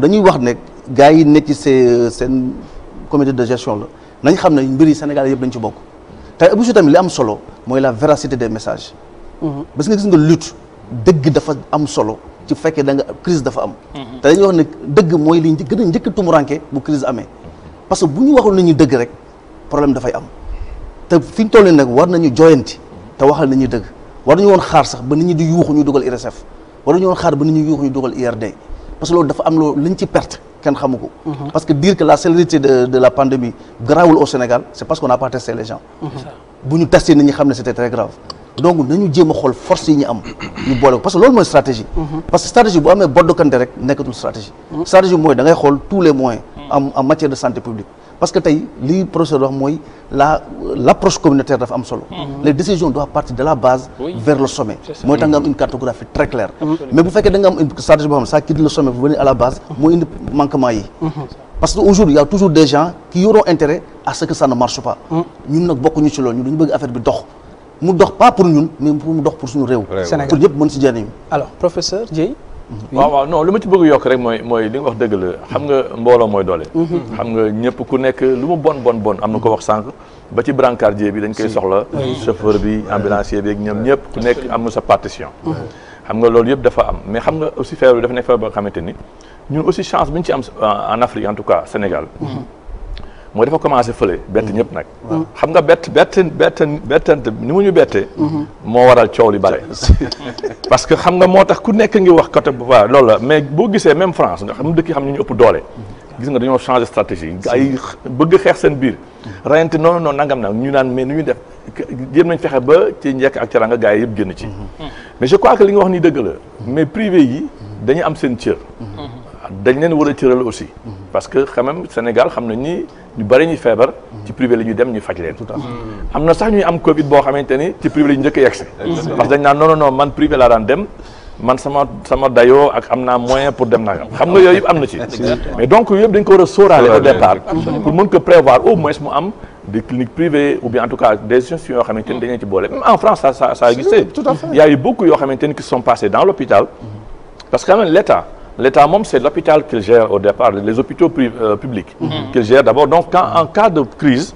dañuy wax ne gars yi nekk ci seen seen comité de gestion la nañ xam ne mbir yi Sénégal yëpp dañ ci bokk tey abousi tamit li am solo mooy la véracité de message parce mhm. que gis nga lutte dëgg dafa am solo ci fekkee da nga crise dafa am te dañuy wax ne dëgg mooy li gën a njëkk tumuranke bu crise amee parce que bu ñu waxul nañu dëgg rek problème dafay am te fi ñu toll war nañu jooyanti te waxal nañu dëgg war nañu woon xaar sax ba nit ñi di yuuxu ñu dugal IRSF war ñu dugal IRD parce que loolu dafa am loolu lañ ci perte kenn xamu ko mhm. parce que dire que la célérité de la pandémie grawul au Sénégal c'est parce qu'on n'a pas testé les gens bu ñu testé nit ñi xam ne donc nañu jéem a force yi ñu am ñu boole ko parce que loolu mooy stratégie mhm. parce que stratégie bu amee boddkante rek nekkatul stratégie mhm. stratégie mooy da ngay tous les moyens mhm. en matière de santé publique parce que tey li professeur mooy la l' approche communautaire dafa am solo les décisions doivent partir de la base vers le sommet mooy tax nga am une cartographie très claire mais bu fekkee da am une stratégie boo xam ne ça le sommet pour mu dox pas pour ñun mu dox pour suñu réew. pour ñëpp mën si jëriñu. alors professeur Dieye. waaw waaw non lu ma ci bëgg yokk rek mooy mooy li nga wax dëgg la xam nga mbooloo mooy doole. Mm-hmm. xam nga ñëpp ku nekk lu mu bon bon bon am na ko wax sànq. ba ci brancardier bi dañ koy soxla. chauffeur bi ambulancier bi ñoom ñëpp ku nekk am na sa partition. Mm-hmm. xam nga loolu yëpp dafa am mais xam nga aussi feebar bi dafa nekk feebar ba xamante ni ñun aussi chance bi ñu ci am en Afrique en tout cas Sénégal. Mm-hmm. mooy dafa commencé fële bett mm-hmm. ñëpp nag. xam nga bett bett bett bettante ni mu ñu bettee. Mm-hmm. moo waral coow li bare. parce que xam nga moo tax ku nekk ngi wax côté bu baax loolu mais boo gisee même France nga xam dëkk yi xam ñu mm-hmm. na ñu naan mais nu ñuy def jéem nañ fexe ba ci njekk ak caranga gars yi yëpp génn ci. mais je crois que li nga wax ni dëgg la mais privé yi dañu am seen cër. dañ leen war a cëral aussi. parce que quand Sénégal xam nañ ni. ñu bari ñu feebar ci privé la ñuy dem ñu faj leen am na sax ñuy am covid boo xamante ni ci privé la njëkk a yegsi parce que dañ naan non non non man privé laa daan dem man sama sama ak am naa moyen pour dem nangam xam nga yooyu yëpp am na ci mais donc yëpp dañ ko war a sóoraale au départ pour mën ko prévoir au moins mu am des cliniques privées ou bien en tout cas des institutions yoo xamante ni dañu ci boole même en France ça ça ça a y a eu beaucoup yoo xamante ni qui sont passés dans l'hôpital mm-hmm. l'État moom c'est l'hôpital qu'il gère au départ les hôpitaux euh, publics mhm. mm-hmm. qu'il gère d'abord donc quand en cas de crise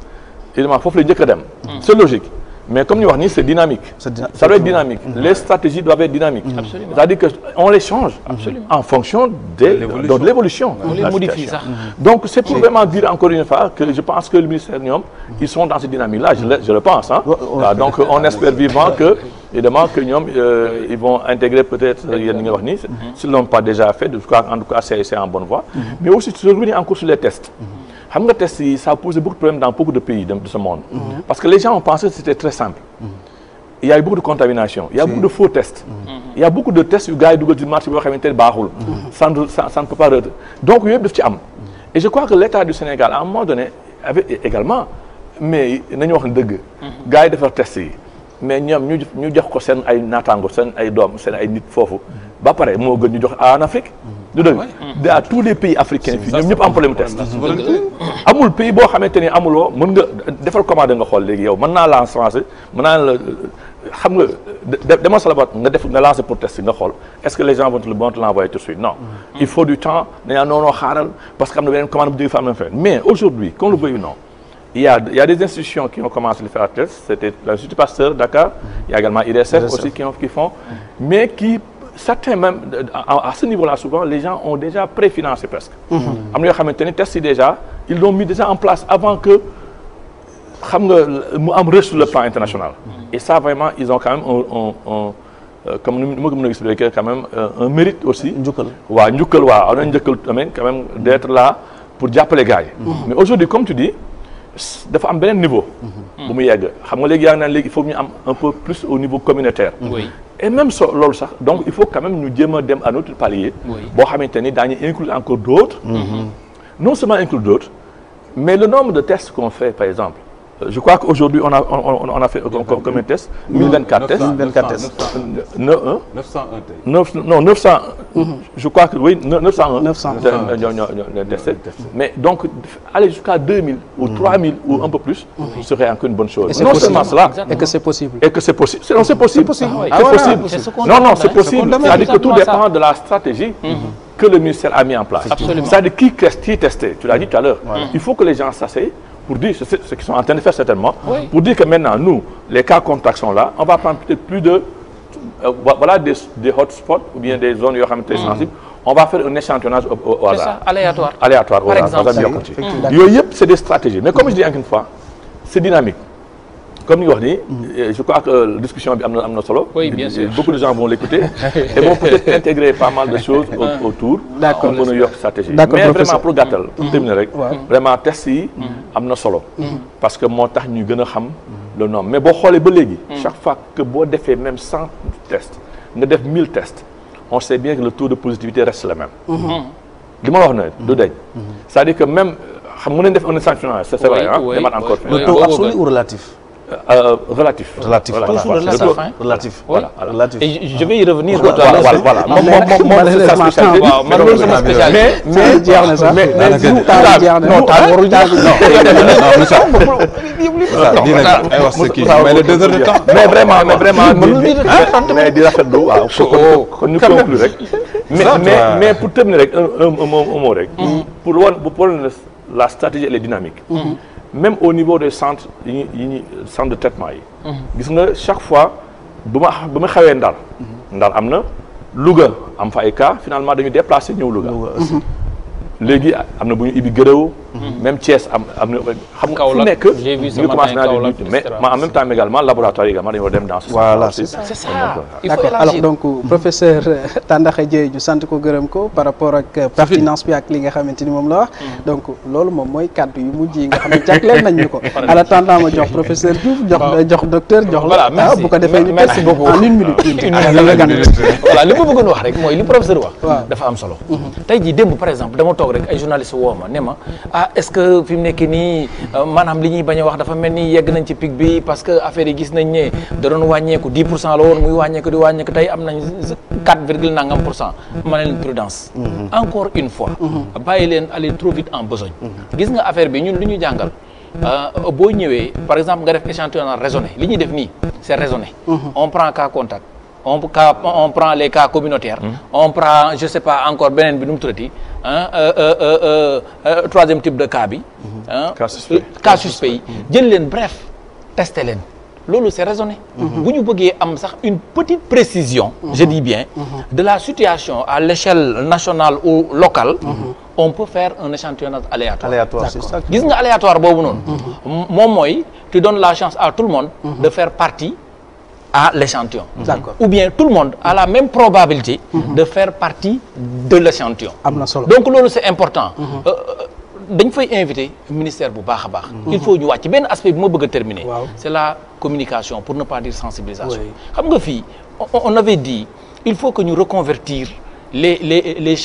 évidemment foofu la njëkk a dem mm-hmm. c'est logique mais comme ñu wax nii c'est dynamique. c'est dynamique ça doit être dynamique. Mm -hmm. les mm-hmm. stratégies doivent être dynamiques. Mm -hmm. c'est-à-dire que on les change. Absolument. en fonction des de l'évolution on les modifie sax donc c'est pour vraiment dire encore une fois que je pense que le ministère ñoom ils sont dans cette dynamique là je le je le pense hein. Ah, donc on espère vivement que. évidemment que ñoom euh, ils vont intégrer peut-être yéen ñi nga wax nii mhm. s'ils l'ont pas déjà fait en tout cas c'est en bonne voie mhm. mais aussi se revenir encore sur les tests mhm. xam nga pose beaucoup de problèmes dans beaucoup de pays de ce monde parce que les gens ont pensé que c'était très simple il y a eu beaucoup de contamination il y a beaucoup de faux tests il y de tests yu gars yi dugal ci marché que l'État du Sénégal à un moment donné également mais ne dëgg gars yi defar tests yi mais ñoom ñu ñu jox ko seen ay naataango seen ay doom seen ay nit foofu ba pare moo gën ñu jox en Afrique. du dëgg mm. daa tous les pays africains fii ñoom ñëpp am problème test amul pays boo xamante ni amuloo mën nga defal commande nga xool léegi yow mën naa la en français mën naa la xam nga dama salabat nga def nga pour test nga xool est-ce que les gens vont te vont te l'envoyer tout suite non mm. il faut du temps dañaa noonoo xaaral parce que am na beneen commande bu jóge fa il y a il y a des institutions qui ont commencé le faire à Thiès c'était l'Institut a également IDSF aussi qui ont qui font mais qui certains même à, ce niveau-là souvent les gens ont déjà préfinancé presque mhm. am na yoo test yi déjà ils l'ont mis déjà en place avant que xam sur le plan international mhm. et ça vraiment ils ont quand même un euh, ni ma ko mën a euh, mérite aussi. quand même d'être là pour jàppale gars mhm. mais aujourd'hui comme tu dis. dafa am beneen niveau. bu mu yegg xam nga léegi yaa ngi naan léegi foog faut ñu am un peu plus au niveau communautaire. Oui. et même so loolu sax donc il faut quand même ñu jéem a dem à notre palier. boo xamante ni daañu inclure encore d' autres. Mm-hmm. non seulement inclure d' autres mais le nombre de tests qu'on fait par exemple. je crois qu'aujourd'hui on a on, on a fait combien de tests. 1024 tests 1024 mhm. tests. non 900. mais donc aller jusqu'à 2000 ou 3000 mhm. ou un peu plus. Mhm. serait une bonne chose. et que c'est possible. non non c'est possible. cest tout dépend de la stratégie. que le ministère a mis en place. cest à tu l'as dit tout à l'heure. il faut que les gens s'asseyent. pour dire, ce qu'ils sont en train de faire certainement, oui. pour dire que nous, les cas contacts sont là, on va prendre peut plus de, euh, voilà, des, des hotspots ou bien des zones très mm. sensibles, on va faire un échantillonnage au, aléatoire. Aléatoire, au Par hasard. c'est des stratégies. Mais comme je dis encore une fois, c'est dynamique. comme ni nga wax nii je crois euh, discussion am na am na solo. beaucoup de gens vont l'écouter et vont peut intégrer pas mal de choses ah. autour. d'accord pour mën a mais vraiment pour gàttal. Mm-hmm. terminer rek. vraiment test yi. Mm-hmm. am na solo. Mm-hmm. parce que moo tax ñu gën a xam. le nombre mais boo xoolee ba léegi. Mm. chaque fois que boo defee même tests nga def mille tests on sait bien que le taux de positivité reste le même. li ma la wax ne du dañ. c'est-à-dire que même xam mën nañ def un échantillonnage c'est vrai ah. Euh, relatif. relatif voilà, toujours voilà, relatif, relatif, relatif voilà, relatif et je, je vais y revenir. voilà voilà moom moom moom spécial mais mais jeex na sax. mais mais jiw taal jeex na non taal warul jeex non mais deux heures de temps. mais vraiment mais vraiment. mais di rafetlu waaw. kon ñu conclu rek. mais mais pour terminer rek un un mot rek. pour wan pour la stratégie elle est dynamique. même au niveau des centres yi yi ñuy centre de traitement yi. Mhm. gis nga chaque fois bu ma bu ma xawee ndar. Mhm. ndar am na Louga am fa ay cas finalement dañu déplacé ñëw Louga. léegi am na bu ñu ibi gërëw Mhm. même Thiès am am na xam nga fu nekk ñu commencé naa mais en même temps également laboratoire yi également dañoo dem dans ce voilà c'est ça donc euh, euh, professeur euh, Tandakha Dièye ñu sant ko gërëm ko par rapport ak pertinence bi ak li nga xamante ni moom la wax mm. donc loolu moom mooy kaddu yu mujj nga xam ne jagleel nañ ñu ko en attendant ma jox professeur Diouf jox docteur jox la ah, bu ko defee ñu merci en une minute une ah, minute voilà li ma bëggoon wax rek mooy li professeur wax dafa am solo mhm. ah est-ce que fi mu nekk nii euh, maanaam li ñuy bañ a wax dafa mel ni yegg nañ ci pic bi parce que affaire yi gis nañ ne da doon wàññeeku 10 pour cent la woon muy wàññeeku di wàññeeku tey am nañ 4 virgule nangam pour cent ma ne leen prudence mhm. encore une fois mhm. bàyyi leen aller trop vite en besogne mhm. gis nga affaire bi ñun lu ñu jàngal euh, boo ñëwee par exemple nga def échantillonnage raisonné li ñuy def nii c'est raisonné on prend cas contact on cas on prend les cas communautaires. Hmm. on prend je sais pas encore beneen bi nu mu euh, euh, euh, type de cas bi. Hmm. cas suspect yi jël leen bref tester leen. loolu c'est raisonné. Hmm. bu bëggee am sax une petite précision. je dis bien. de la situation à l'échelle nationale ou locale. on peut faire un échantillonnage aléatoire. gis nga aléatoire boobu noonu. moom mooy tu donnes la chance à tout le monde. de faire partie. à l'échantillon. Mhm. d'accord ou bien tout le monde a la même probabilité. Mhm. de faire partie de l'échantillon. am na solo donc loolu c'est important. Mhm. Euh, euh, dañ fay invité ministère bu baax a baax. il faut ñu wàcc benn aspect bi ma bëgg a terminer. waaw c'est la communication pour ne pas dire sensibilisation. xam nga fii on avait dit il faut que ñu reconvertir les les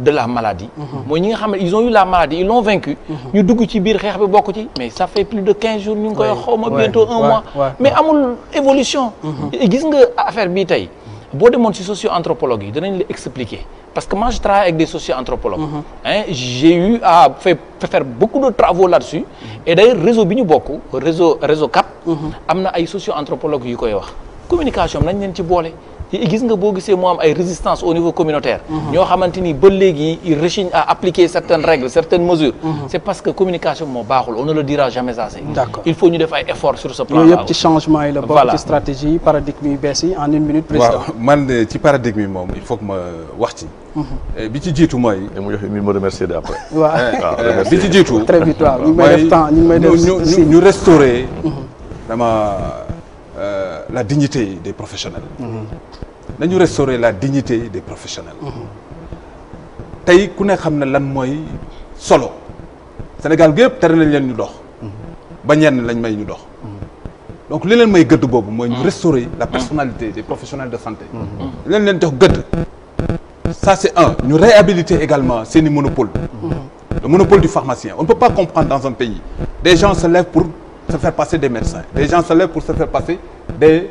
de la maladie. mooy ñi nga xam ne ils ont eu la maladie ils l'ont vaincu. ñu dugg ci biir xeex bi bokk ci. mais ça fait plus de quinze jours ñu ngi koy xawma bientôt un mois. mais amul évolution. Mhm. gis nga affaire bii tey. boo demoon si socio-anthropologue yi danañ la expliquer parce que moi je travaille avec des socio-anthropologues. Mhm. hein j'ai eu à faire beaucoup de travaux là-dessus. et d'ailleurs réseau bi ñu bokk réseau réseau CAP. Mhm. am na ay socio-anthropologues yu koy wax communication nañ leen ci boole. gis nga boo gisee moo am ay résistance au niveau communautaire mhm. ñoo xamante ni ba léegi ils rechignent à appliquer certaines règles certaines mesures mhm. c'est parce que communication moo baaxul on ne le dira jamais assez d'accord il faut ñu def ay efforts sur ce plan yooyu yëpp changement yi la bokk ci stratégie paradigme yu bees yi en une minute président man ci paradigme yi moom il faut ma wax ci mhm. eh, bi ci jiitu mooy mu jox mi ma remercier de après waaw eh, bi ci jiitu très vite waaw ñu ngi may def temps restaurer dama euh, la dignité des professionnels nañu restaurer la dignité des professionnels mm-hmm. tey ku ne xam ne lan mooy solo Sénégal gépp tere nañ leen ñu dox mm-hmm. ba ñeen lañ may ñu dox mm-hmm. donc li leen may gëdd boobu mooy ñu restaurer la personnalité des professionnels de santé leen leen jox gëdd ça c'est un ñu réhabiliter également seeni monopole le monopole du pharmacien on ne peut pas comprendre dans un pays des gens se lèvent pour se faire passer des médecins des gens se lèvent pour se faire passer des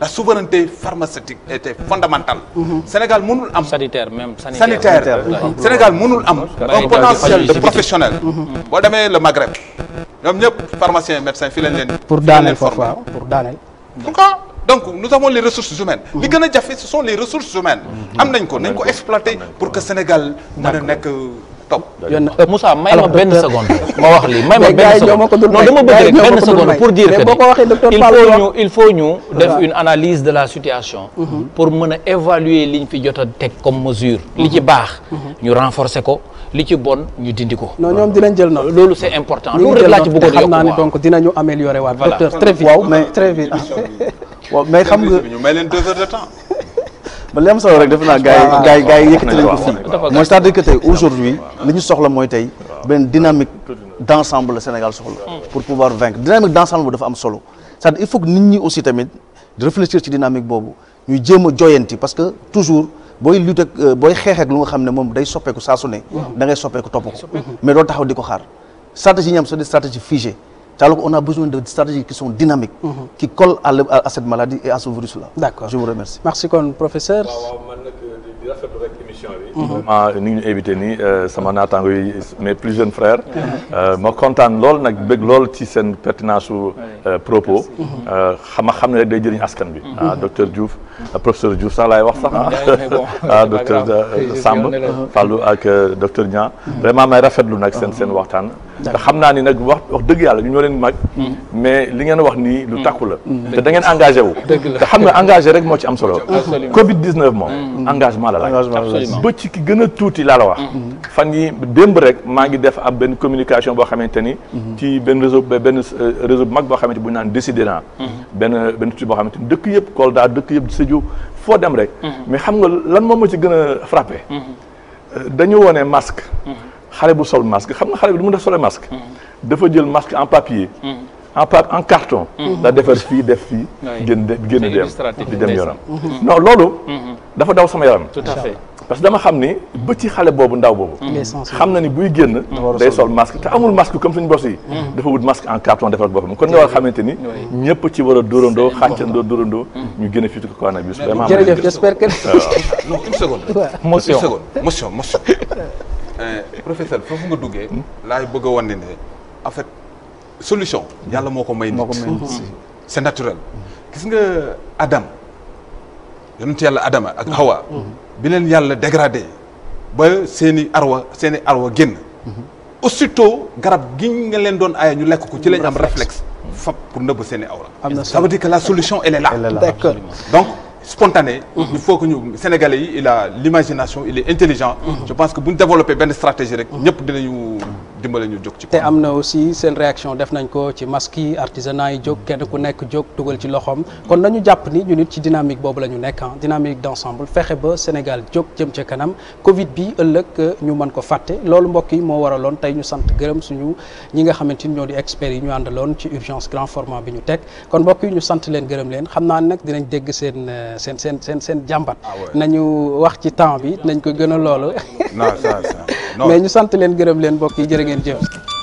la souveraineté pharmaceutique était fondamentale. Mhm. Sénégal mënul am. sanitaire même sanitaire mhm. Sénégal mënul am. un potentiel de professionnel. Mhm. boo demee le Maghreb ñoom ñëpp pharmacien médecin fii lañ leen. pour daaneel foofu waaw pour daaneel. pourquoi donc nous avons les ressources humaines. li gën a jafe ce sont les ressources humaines. am nañ ko nañ ko exploiter pour que Sénégal mën a nekk. topp yoon Moussa may ma benn seconde ma wax lii may ma benn seconde non dama bëgg rek benn seconde pour dire que il faut ñu def une analyse de la situation mhm. pour mën a évaluer liñ fi jot a teg comme mesure li mhm. ci baax mhm. ñu renforcer ko li ci bon ñu dindi ko. non ñoom dinañ jël noonu. loolu c'est important loolu rek laa ci bëggoon dinañu améliorer waat. docteur très vite ba li am solo rek def naa gars yi gars yi ko fii mooy c'est-à-dire que tey aujourd'hui li ñu soxla mooy tey benn dynamique d'ensemble le Sénégal soxla pour pouvoir vaincre dynamique d'ensemble bu dafa am solo cest à il faut nit ñi aussi tamit di réfléchir ci dynamique boobu ñu jéem a joyanti parce que toujours booy lutte ak euh, booy xeex ak lu nga xam ne moom day soppeeku saa su ne da ngay soppeeku topp ko mais doo taxaw di ko xaar stratégie ñam c'est des stratégies Alors on a besoin de stratégies qui sont dynamiques. Mm -hmm. qui collent à, à, à, cette maladie et à ce virus-là. d'accord je vous remercie. merci kon professeur. waaw waaw man nag euh, mhm. euh, invité nii euh, sama naataango yi mes plus jeunes frères. ma kontaan lool nag bëgg lool ci seen pertinence su propos. Mhm. xam xam ne rek day jëriñ askan bi. Mhm. Ah, docteur Diouf professeur Diouf sax laay wax sax ah, ah. docteur Samb Fallou ak docteur Niang. vraiment may rafetlu nag seen seen waxtaan. ndax xam naa ni nag wax wax dëgg yàlla ñu ñoo leen mag hmm. mais li ngeen wax nii lu hmm. takku la hmm. te da ngeen engagé wu te xam nga engagé rek moo ci am solo covid 19 moom engagement la laaj ba ci ki gën a tuuti laa la wax fan yi démb rek maa ngi def ab benn communication boo xamante ni ci benn réseau benn euh, réseau bu mag boo xamante bu ñu naan décidé naa benn benn tuuti boo xamante ni dëkk yëpp Kolda dëkk yëpp Sédhiou foo dem rek mais xam nga lan moom ci gën a frappé euh, dañu wone masque xale bu sol masque xam nga xale du mu def sole masque. dafa jël masque en papier. Mm. en carton. Mm-hmm. la defar fii def fii. génn de génn dem di dem yoonam. Mm-hmm. non loolu. Mm-hmm. dafa daw sama yaram. parce que dama xam ni ba ci xale boobu ndaw boobu. xam na ni buy génn. day sol masque te amul masque comme suñu bos yi. dafa wut masque en carton defal boppam kon nga war a xamante ni. ñëpp ci war a dóorandoo xàccandoo dóorandoo. ñu génn fii ci coronavirus. vraiment jërëjëf j'espère que. non une motion. Eh, professeur foofu nga duggee. laay bëgg a ne ne fait solution. yàlla moo ko may nit. Mm-hmm. c'est naturel. gis nga Adam yonent yàlla Adama ak Hawa. Mm-hmm. bi leen yàlla dégradé ba seeni arwa seeni arwa génn. Mm-hmm. aussitôt garab gi nga leen doon aaya ñu lekk ko ci lañ am réflexe. fab pour nëbb seeni awra. am na solo ça veut dire que la solution elle est là. elle est là. d'accord donc. spontané. Mhm. il faut que ñu Sénégalais yi il a l'imagination il est intelligent. Mhm. je pense que bu ñu développé benn stratégie rek. Mhm. ñëpp dinañu. dimbale ñu jóg ci te am na aussi seen réaction def nañ ko ci masque yi artisanat yi jóg kenn ku nekk jóg dugal ci loxoom kon nañu jàpp ni ñu nit ci dynamique boobu la ñu nekk ah dynamique d'ensemble fexe ba Sénégal jóg jëm ca kanam Covid bi ëllëg euh, ñu mën ko fàtte loolu mbokk yi moo waraloon tey ñu sant gërëm suñu ñi nga xamante ni ñoo di experts yi ñu àndaloon ci urgence grand format bi ñu teg kon mbokk yi ñu sant leen gërëm leen xam naa nag dinañ dégg seen euh, seen seen seen seen jàmbat ah nañu wax ci temps bi nañ ko gën a loolu ngeen jëf.